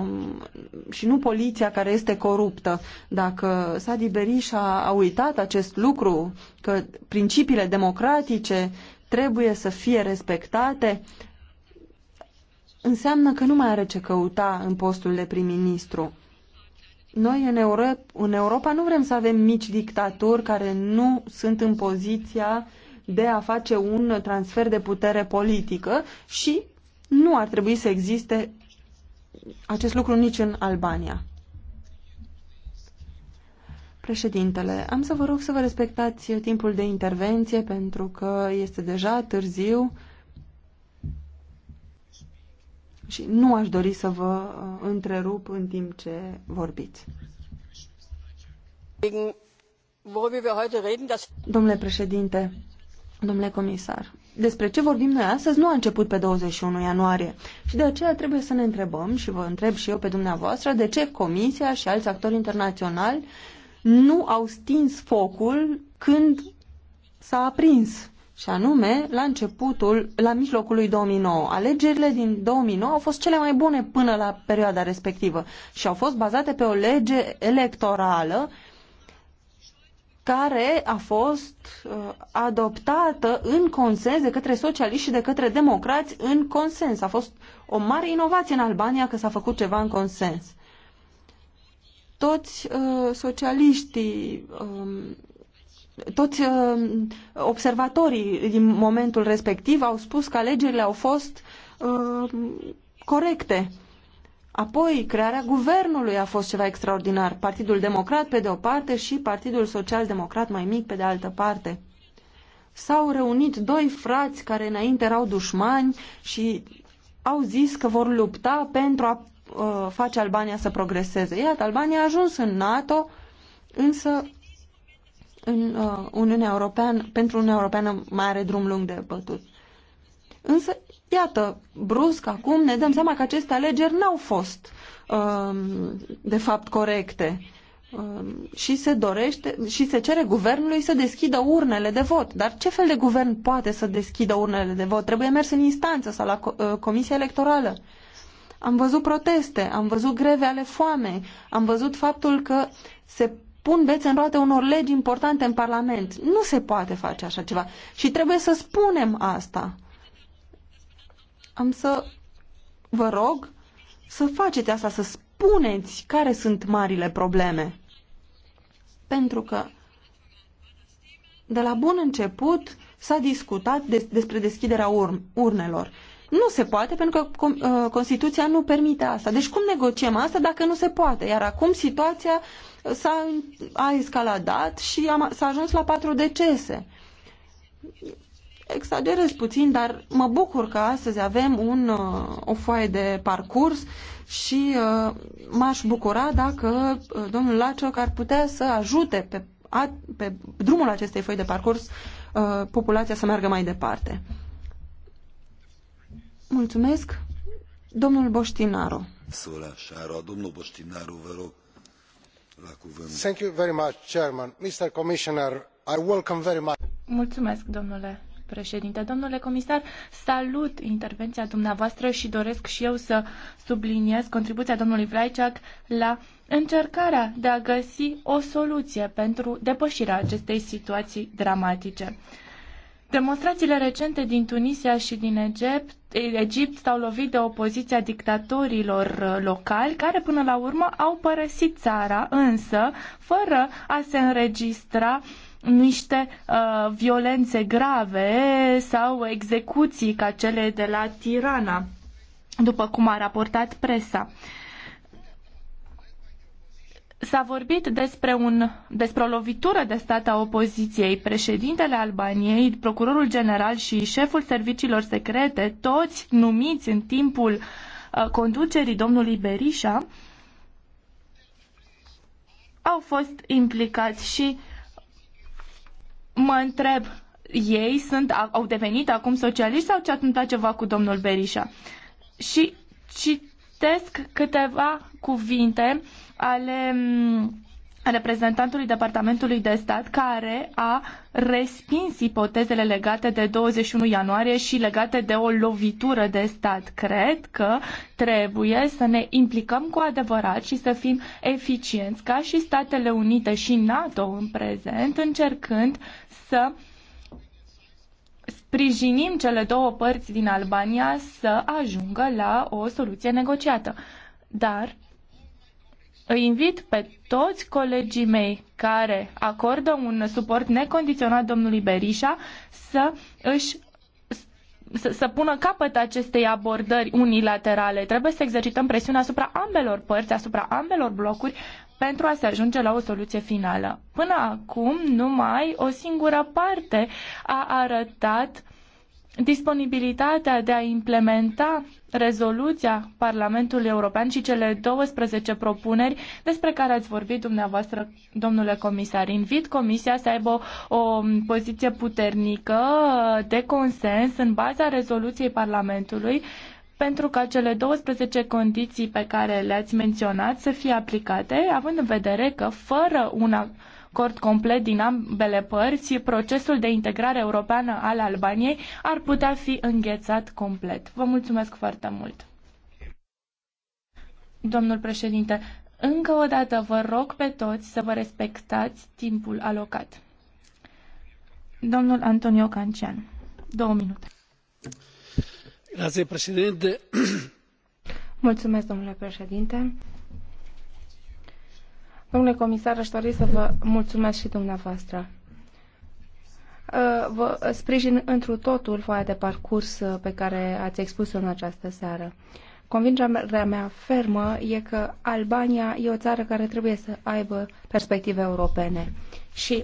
și nu poliția care este coruptă. Dacă Sadi Beriș a, a uitat acest lucru, că principiile democratice trebuie să fie respectate, înseamnă că nu mai are ce căuta în postul de prim-ministru. Noi în, Europa, în Europa nu vrem să avem mici dictatori care nu sunt în poziția de a face un transfer de putere politică și nu ar trebui să existe acest lucru nici în Albania. Președintele, am să vă rog să vă respectați timpul de intervenție pentru că este deja târziu și nu aș dori să vă uh, întrerup în timp ce vorbiți. Domnule președinte, domnule comisar, despre ce vorbim noi astăzi nu a început pe 21 ianuarie. Și de aceea trebuie să ne întrebăm, și vă întreb și eu pe dumneavoastră, de ce Comisia și alți actori internaționali nu au stins focul când s-a aprins. Și anume, la începutul, la mijlocul lui 2009. Alegerile din 2009 au fost cele mai bune până la perioada respectivă și au fost bazate pe o lege electorală uh, care a fost uh, adoptată în consens de către socialiști și de către democrați în consens. A fost o mare inovație în Albania că s-a făcut ceva în consens. Toți uh, socialiștii, um, toți uh, observatorii din momentul respectiv au spus că alegerile au fost uh, corecte. Uh, Apoi, crearea guvernului a fost ceva extraordinar. Partidul Democrat pe de o parte și Partidul Social Democrat mai mic pe de altă parte. S-au reunit doi frați care înainte erau dușmani și au zis că vor lupta pentru a uh, face Albania să progreseze. Iată, Albania a ajuns în NATO, însă în uh, Uniunea Europeană, pentru Uniunea Europeană mai are drum lung de bătut. Însă Iată, brusc, acum ne dăm seama că aceste alegeri n-au fost um, de fapt corecte um, și se dorește și se cere guvernului să deschidă urnele de vot. Dar ce fel de guvern poate să deschidă urnele de vot? Trebuie mers în instanță sau la uh, Comisia Electorală. Am văzut proteste, am văzut greve ale foamei, am văzut faptul că se pun bețe în roate unor legi importante în Parlament. Nu se poate face așa ceva. Și trebuie să spunem asta am să vă rog să faceți asta, să spuneți care sunt marile probleme. Pentru că de la bun început s-a discutat de, despre deschiderea ur urnelor. Nu se poate pentru că uh, Constituția nu permite asta. Deci cum negociem asta dacă nu se poate? Iar acum situația s-a a escaladat și s-a ajuns la patru decese exagerez puțin, dar mă bucur că astăzi avem un, uh, o foaie de parcurs și uh, m-aș bucura dacă uh, domnul Lacioc ar putea să ajute pe, pe drumul acestei foi de parcurs populația să meargă mai departe. Mulțumesc. Domnul Boștinaru. Solașara, domnul Boștinaru, vă rog la cuvânt. Thank you very much, Chairman. Mr. Commissioner, I welcome very much. Mulțumesc, domnule președinte. Domnule comisar, salut intervenția dumneavoastră și doresc și eu să subliniez contribuția domnului Vlaiceac la încercarea de a găsi o soluție pentru depășirea acestei situații dramatice. Demonstrațiile recente din Tunisia și din Egipt, Egipt s-au lovit de opoziția dictatorilor locali, care până la urmă au părăsit țara, însă fără a se înregistra uh, niște uh, violențe grave sau execuții ca cele de la Tirana, după cum a raportat presa. S-a vorbit despre, un, despre o lovitură de stat a opoziției. Președintele Albaniei, procurorul general și șeful serviciilor secrete, toți numiți în timpul uh, conducerii domnului Berisha, au fost implicați și uh, mă întreb, ei sunt, au devenit acum socialiști sau ce a întâmplat ceva cu domnul Berisha? Și citesc câteva cuvinte ale mm, reprezentantului Departamentului de Stat care a respins ipotezele legate de 21 ianuarie și legate de o lovitură de stat. Cred că trebuie să ne implicăm cu adevărat și să fim eficienți ca și Statele Unite și NATO în prezent, încercând să sprijinim cele două părți din Albania să ajungă la o soluție negociată. Dar îi invit pe toți colegii mei care acordă un suport necondiționat domnului Berisha să își să, să pună capăt acestei abordări unilaterale. Trebuie să exercităm presiune asupra ambelor părți, asupra ambelor blocuri, pentru a se ajunge la o soluție finală. Până acum, numai o singură parte a arătat disponibilitatea de a implementa rezoluția Parlamentului European și cele 12 propuneri despre care ați vorbit dumneavoastră, domnule comisar. Invit Comisia să aibă o, o poziție puternică de consens în baza rezoluției Parlamentului pentru ca cele 12 condiții pe care le-ați menționat să fie aplicate, având în vedere că fără un acord complet din ambele părți, procesul de integrare europeană al Albaniei ar putea fi înghețat complet. Vă mulțumesc foarte mult. Domnul președinte, încă o dată vă rog pe toți să vă respectați timpul alocat. Domnul Antonio Cancian, două minute. Mulțumesc, domnule președinte. Domnule comisar, aș dori să vă mulțumesc și dumneavoastră. Uh, vă sprijin întru totul foaia de parcurs uh, pe care ați expus-o în această seară. Convingerea mea fermă e că Albania e o țară care trebuie să aibă perspective europene și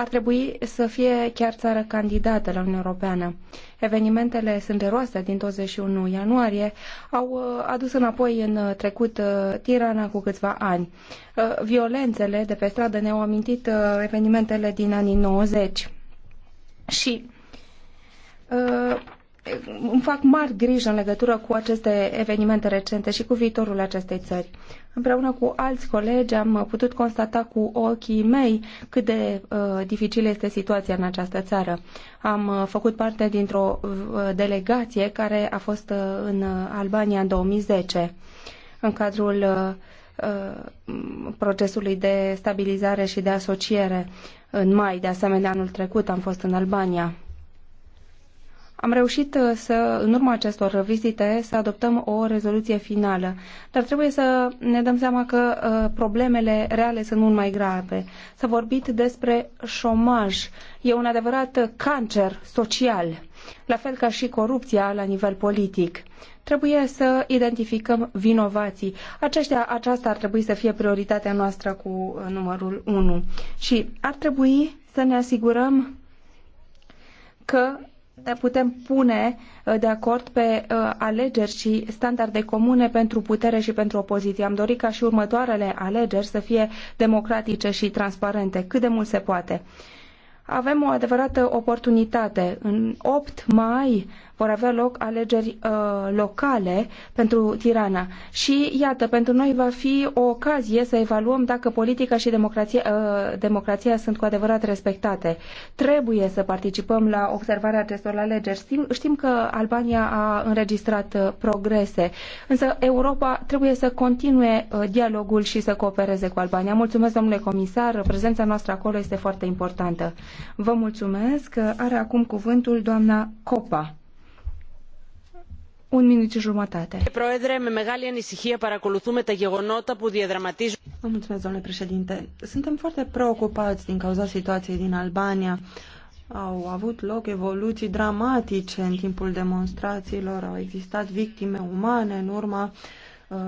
ar trebui să fie chiar țară candidată la Uniunea Europeană. Evenimentele sângeroase din 21 ianuarie au uh, adus înapoi în uh, trecut uh, Tirana cu câțiva ani. Violențele de pe stradă ne-au amintit evenimentele din anii 90. Și îmi fac mari griji în legătură cu aceste evenimente recente și cu viitorul acestei țări. Împreună cu alți colegi am putut constata cu ochii mei cât de uh, dificilă este situația în această țară. Am uh, făcut parte dintr-o uh, delegație care a fost uh, în Albania în 2010, în cadrul uh, uh, procesului de stabilizare și de asociere. În mai, de asemenea, anul trecut am fost în Albania. Am reușit uh, să, în urma acestor vizite, să adoptăm o rezoluție finală, dar trebuie să ne dăm seama că uh, problemele reale sunt mult mai grave. S-a vorbit despre șomaj. E un adevărat cancer social, la fel ca și corupția la nivel politic. Trebuie să identificăm vinovații. Aceștia, aceasta ar trebui să fie prioritatea noastră cu uh, numărul 1. Și ar trebui să ne asigurăm că ne putem pune uh, de acord pe uh, alegeri și standarde comune pentru putere și pentru opoziție. Am dorit ca și următoarele alegeri să fie democratice și transparente, cât de mult se poate. Avem o adevărată oportunitate. În 8 mai vor avea loc alegeri uh, locale pentru Tirana. Și iată, pentru noi va fi o ocazie să evaluăm dacă politica și democrația, uh, democrația sunt cu adevărat respectate. Trebuie să participăm la observarea acestor alegeri. Știm, știm că Albania a înregistrat uh, progrese, însă Europa trebuie să continue uh, dialogul și să coopereze cu Albania. Mulțumesc, domnule comisar, prezența noastră acolo este foarte importantă. Vă mulțumesc. Are acum cuvântul doamna Copa. Un minut și jumătate. Mulțumesc, domnule președinte. Suntem foarte preocupați din cauza situației din Albania. Au avut loc evoluții dramatice în timpul demonstrațiilor, au existat victime umane în urma uh,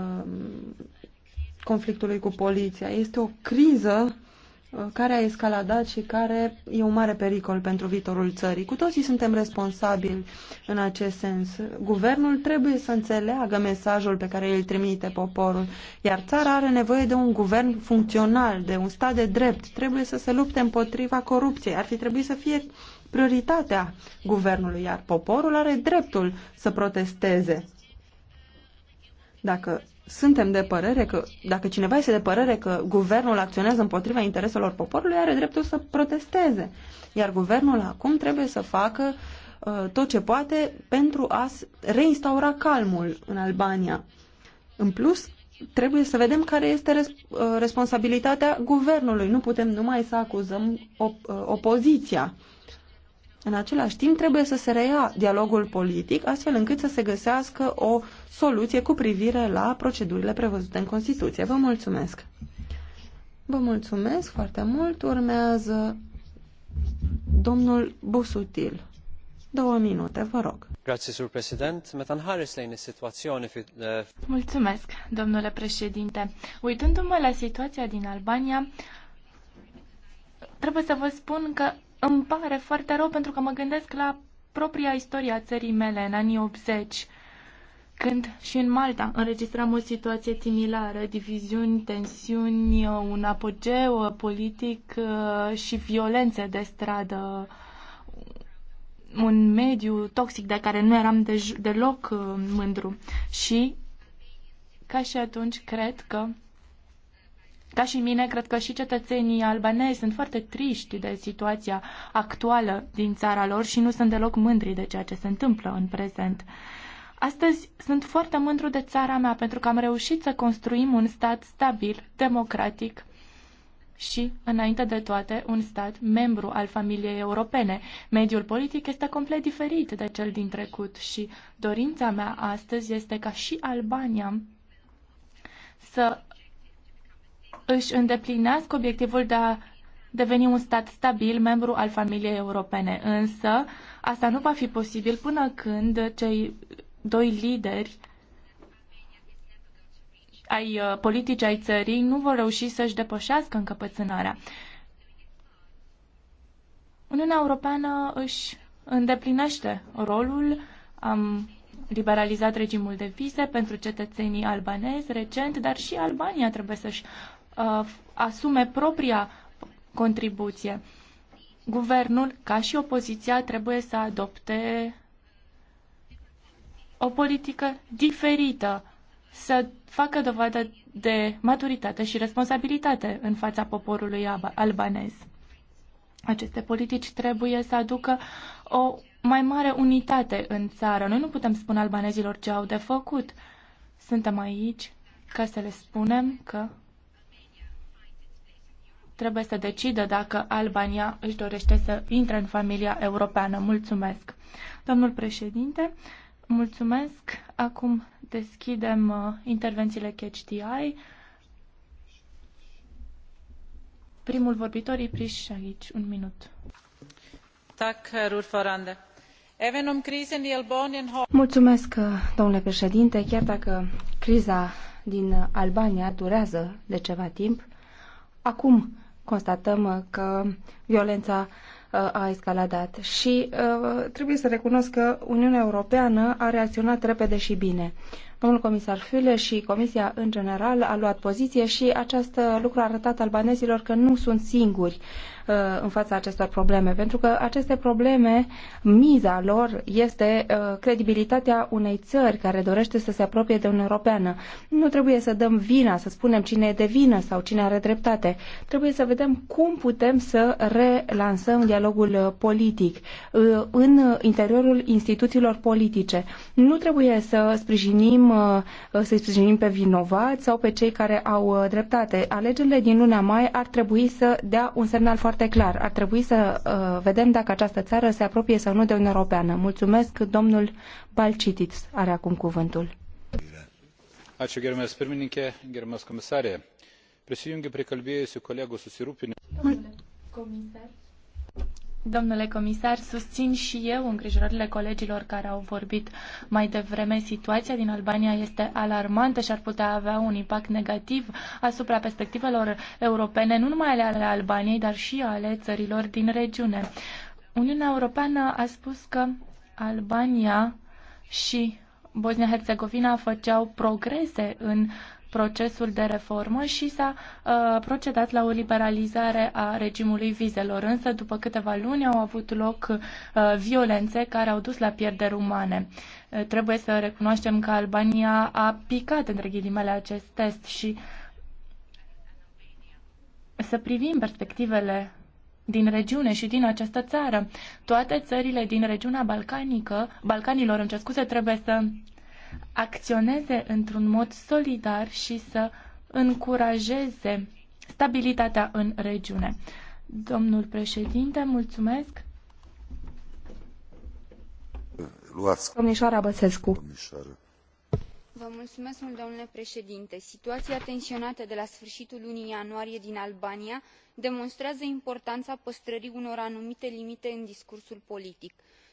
conflictului cu poliția. Este o criză uh, Uh, care a escaladat și care e un mare pericol pentru viitorul țării. Cu toții suntem responsabili în acest sens. Guvernul trebuie să înțeleagă mesajul pe care îl trimite poporul, iar țara are nevoie de un guvern funcțional, de un stat de drept. Trebuie să se lupte împotriva corupției. Ar fi trebuit să fie prioritatea guvernului, iar poporul are dreptul să protesteze. Dacă suntem de părere că, dacă cineva este de părere că guvernul acționează împotriva intereselor poporului, are dreptul să protesteze. Iar guvernul acum trebuie să facă uh, tot ce poate pentru a reinstaura calmul în Albania. În plus, trebuie să vedem care este res, uh, responsabilitatea guvernului. Nu putem numai să acuzăm op, uh, opoziția. În același timp, trebuie să se reia dialogul politic, astfel încât să se găsească o soluție cu privire la procedurile prevăzute în Constituție. Vă mulțumesc! Vă mulțumesc foarte mult! Urmează domnul Busutil. Două minute, vă rog. Eh, mulțumesc, domnule președinte. Uitându-mă la situația din Albania, trebuie să vă spun că îmi pare foarte rău pentru că mă gândesc la propria istoria țării mele în anii 80, când și în Malta înregistram o situație similară, diviziuni, tensiuni, un apogeu politic uh, și violențe de stradă, un mediu toxic de care nu eram de, deloc uh, mândru. Și, ca și atunci, cred că ca și mine, cred că și cetățenii albanezi sunt foarte triști de situația actuală din țara lor și nu sunt deloc mândri de ceea ce se întâmplă în prezent. Astăzi sunt foarte mândru de țara mea pentru că am reușit să construim un stat stabil, democratic și, înainte de toate, un stat membru al familiei europene. Mediul politic este complet diferit de cel din trecut și dorința mea astăzi este ca și Albania să își îndeplinesc obiectivul de a deveni un stat stabil, membru al familiei europene. Însă, asta nu va fi posibil până când cei doi lideri ai uh, politicii ai țării nu vor reuși să-și depășească încăpățânarea. Uniunea Europeană își îndeplinește rolul. Am liberalizat regimul de vize pentru cetățenii albanezi recent, dar și Albania trebuie să-și Uh, asume propria contribuție. Guvernul, ca și opoziția, trebuie să adopte o politică diferită, să facă dovadă de maturitate și responsabilitate în fața poporului albanez. Aceste politici trebuie să aducă o mai mare unitate în țară. Noi nu putem spune albanezilor ce au de făcut. Suntem aici ca să le spunem că trebuie să decidă dacă Albania își dorește să intre în familia europeană. Mulțumesc. Domnul președinte, mulțumesc. Acum deschidem uh, intervențiile CHDI. Primul vorbitor, Ipriș aici, un minut. Mulțumesc, uh, domnule președinte. Chiar dacă criza din Albania durează de ceva timp, acum constatăm uh, că violența uh, a escaladat și uh, trebuie să recunosc că Uniunea Europeană a reacționat repede și bine. Domnul comisar Füle și Comisia în general a luat poziție și acest lucru a arătat albanezilor că nu sunt singuri uh, în fața acestor probleme, pentru că aceste probleme, miza lor este uh, credibilitatea unei țări care dorește să se apropie de Uniunea Europeană. Nu trebuie să dăm vina, să spunem cine e de vină sau cine are dreptate. Trebuie să vedem cum putem să relansăm dialogul politic uh, în interiorul instituțiilor politice. Nu trebuie să sprijinim Uh, să-i sprijinim pe vinovați sau pe cei care au uh, dreptate. Alegerile din luna mai ar trebui să dea un semnal foarte clar. Ar trebui să uh, vedem dacă această țară se apropie sau nu de Uniunea Europeană. Mulțumesc, domnul Balcitiț are acum cuvântul. Ačiū, gerbiamas pirmininkė, gerbiamas komisarė. Prisijungiu prie kalbėjusių kolegų susirūpinimą. Comisar. Domnule comisar, susțin și eu îngrijorările colegilor care au vorbit mai devreme. Situația din Albania este alarmantă și ar putea avea un impact negativ asupra perspectivelor europene, nu numai ale Albaniei, dar și ale țărilor din regiune. Uniunea Europeană a spus că Albania și Bosnia-Herzegovina făceau progrese în procesul de reformă și s-a uh, procedat la o liberalizare a regimului vizelor, însă după câteva luni au avut loc uh, violențe care au dus la pierderi umane. Uh, trebuie să recunoaștem că Albania a picat între ghilimele acest test și să privim perspectivele din regiune și din această țară. Toate țările din regiunea balcanică, Balcanilor, în ce scuze, trebuie să acționeze într-un mod solidar și să încurajeze stabilitatea în regiune. Domnul președinte, mulțumesc. Luați. Domnișoara Băsescu. Domnișoară. Vă mulțumesc mult, domnule președinte. Situația tensionată de la sfârșitul lunii ianuarie din Albania demonstrează importanța păstrării unor anumite limite în discursul politic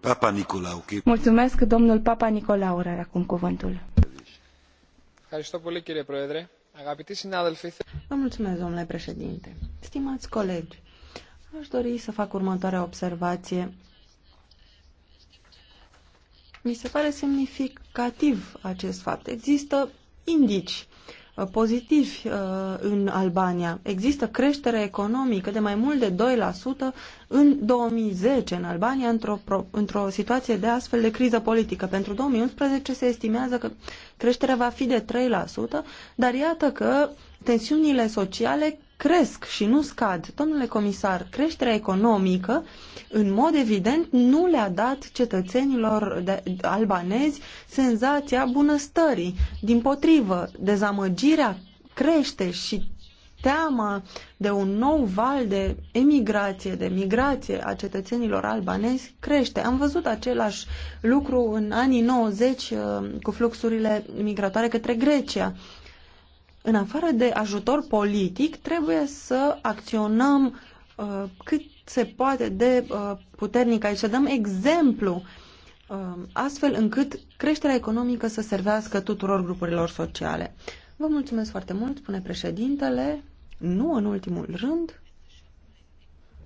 Papa Nicolau. Mulțumesc, domnul Papa Nicolau, are acum cuvântul. Vă mulțumesc, domnule președinte. Stimați colegi, aș dori să fac următoarea observație. Mi se pare semnificativ acest fapt. Există indici Uh, pozitivi uh, în Albania. Există creștere economică de mai mult de 2% în 2010 în Albania, într-o, într-o situație de astfel de criză politică. Pentru 2011 se estimează că creșterea va fi de 3%, dar iată că tensiunile sociale cresc și nu scad. Domnule comisar, creșterea economică, în mod evident, nu le-a dat cetățenilor de, albanezi senzația bunăstării. Din potrivă, dezamăgirea crește și teama de un nou val de emigrație, de migrație a cetățenilor albanezi crește. Am văzut același lucru în anii 90 uh, cu fluxurile migratoare către Grecia în afară de ajutor politic, trebuie să acționăm uh, cât se poate de uh, puternic aici, să dăm exemplu uh, astfel încât creșterea economică să servească tuturor grupurilor sociale. Vă mulțumesc foarte mult, spune președintele, nu în ultimul rând,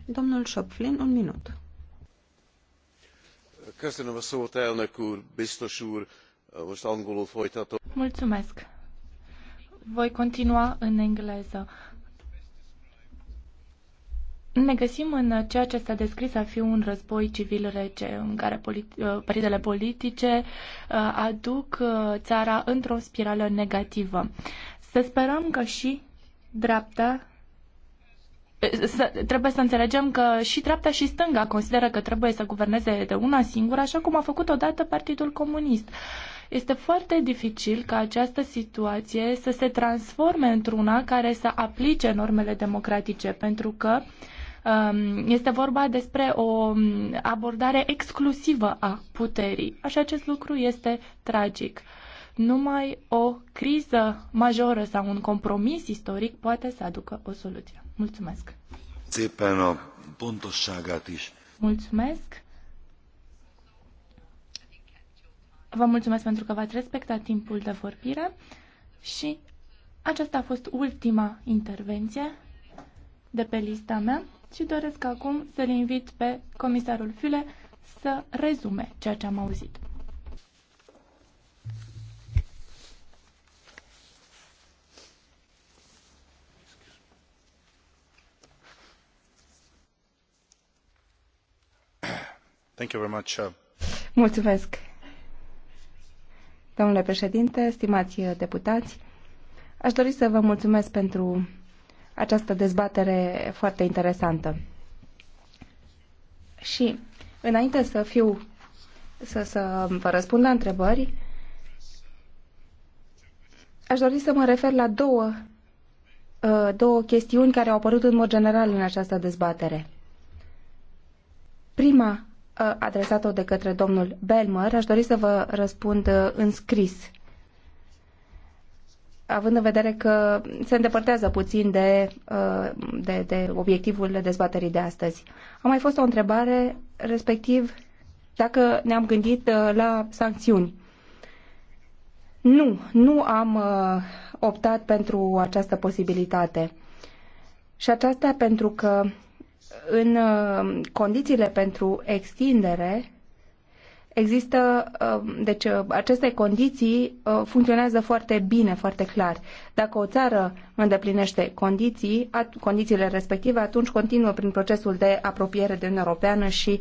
domnul Șopflin, un minut. Mulțumesc. Voi continua în engleză. Ne găsim în ceea ce s-a descris a fi un război civil rece, în care politi- uh, partidele politice uh, aduc uh, țara într-o spirală negativă. Să sperăm că și dreapta să, trebuie să înțelegem că și dreapta și stânga consideră că trebuie să guverneze de una singură, așa cum a făcut odată Partidul Comunist. Este foarte dificil ca această situație să se transforme într-una care să aplice normele democratice, pentru că um, este vorba despre o um, abordare exclusivă a puterii. Așa acest lucru este tragic. Numai o criză majoră sau un compromis istoric poate să aducă o soluție. Mulțumesc! Mulțumesc! Vă mulțumesc pentru că v-ați respectat timpul de vorbire și aceasta a fost ultima intervenție de pe lista mea și doresc acum să-l invit pe comisarul Fiule să rezume ceea ce am auzit. Uh, mulțumesc. Domnule președinte, stimați deputați, aș dori să vă mulțumesc pentru această dezbatere foarte interesantă. Și înainte să fiu să, să vă răspund la întrebări, aș dori să mă refer la două, uh, două chestiuni care au apărut în mod general în această dezbatere. Prima Uh, adresată de către domnul Belmer, aș dori să vă răspund uh, în scris având în vedere că se îndepărtează puțin de, uh, de, de obiectivul dezbaterii de astăzi. A mai fost o întrebare, respectiv, dacă ne-am gândit la sancțiuni. Nu, nu am optat pentru această posibilitate. Și aceasta pentru că în uh, condițiile pentru extindere există, uh, deci uh, aceste condiții funcționează foarte bine, foarte clar. Dacă o țară îndeplinește condiții, condițiile respective, atunci continuă prin procesul de apropiere de Uniunea Europeană și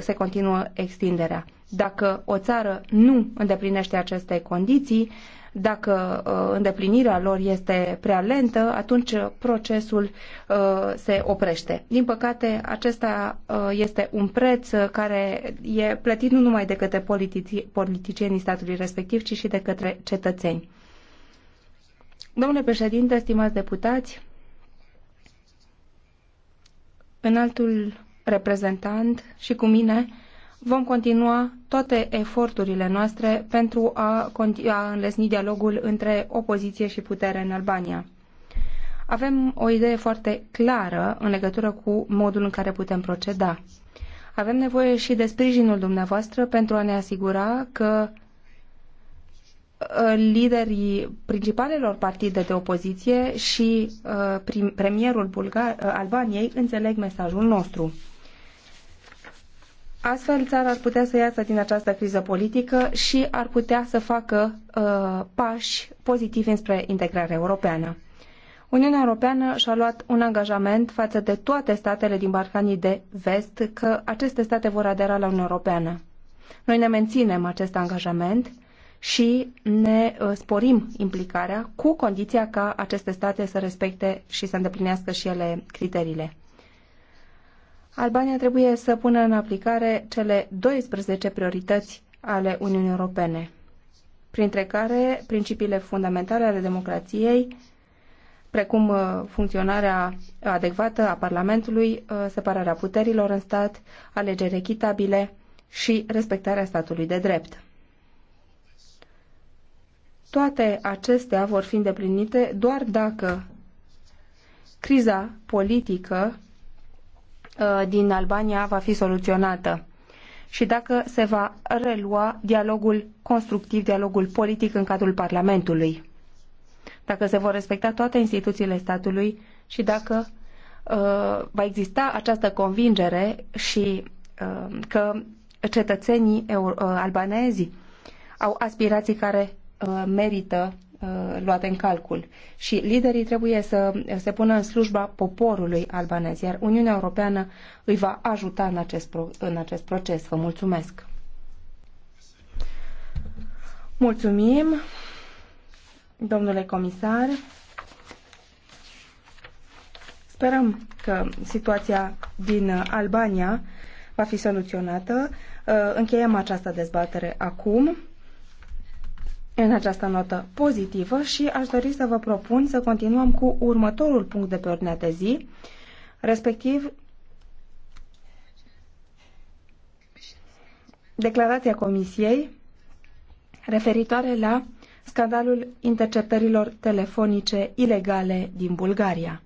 se continuă extinderea. Dacă o țară nu îndeplinește aceste condiții, dacă uh, îndeplinirea lor este prea lentă, atunci procesul uh, se oprește. Din păcate, acesta uh, este un preț care e plătit nu numai de către politicienii statului respectiv, ci și de către cetățeni. Domnule președinte, stimați deputați, înaltul reprezentant și cu mine vom continua toate eforturile noastre pentru a, a înlesni dialogul între opoziție și putere în Albania. Avem o idee foarte clară în legătură cu modul în care putem proceda. Avem nevoie și de sprijinul dumneavoastră pentru a ne asigura că ă, liderii principalelor partide de opoziție și uh, prim, premierul Bulgar, ă, Albaniei înțeleg mesajul nostru. Astfel, țara ar putea să iasă din această criză politică și ar putea să facă uh, pași pozitivi înspre integrarea europeană. Uniunea Europeană și-a luat un angajament față de toate statele din Balcanii de Vest că aceste state vor adera la Uniunea Europeană. Noi ne menținem acest angajament și ne uh, sporim implicarea cu condiția ca aceste state să respecte și să îndeplinească și ele criteriile. Albania trebuie să pună în aplicare cele 12 priorități ale Uniunii Europene, printre care principiile fundamentale ale democrației, precum uh, funcționarea adecvată a Parlamentului, uh, separarea puterilor în stat, alegeri echitabile și respectarea statului de drept. Toate acestea vor fi îndeplinite doar dacă criza politică Uh, din Albania va fi soluționată și dacă se va relua dialogul constructiv, dialogul politic în cadrul Parlamentului, dacă se vor respecta toate instituțiile statului și dacă uh, va exista această convingere și uh, că cetățenii uh, albanezi au aspirații care uh, merită Uh, luate în calcul și liderii trebuie să se pună în slujba poporului albanez, iar Uniunea Europeană îi va ajuta în acest, pro- în acest proces. Vă mulțumesc! Mulțumim, domnule comisar. Sperăm că situația din Albania va fi soluționată. Uh, încheiem această dezbatere acum în această notă pozitivă și aș dori să vă propun să continuăm cu următorul punct de pe ordinea de zi, respectiv declarația Comisiei referitoare la scandalul interceptărilor telefonice ilegale din Bulgaria.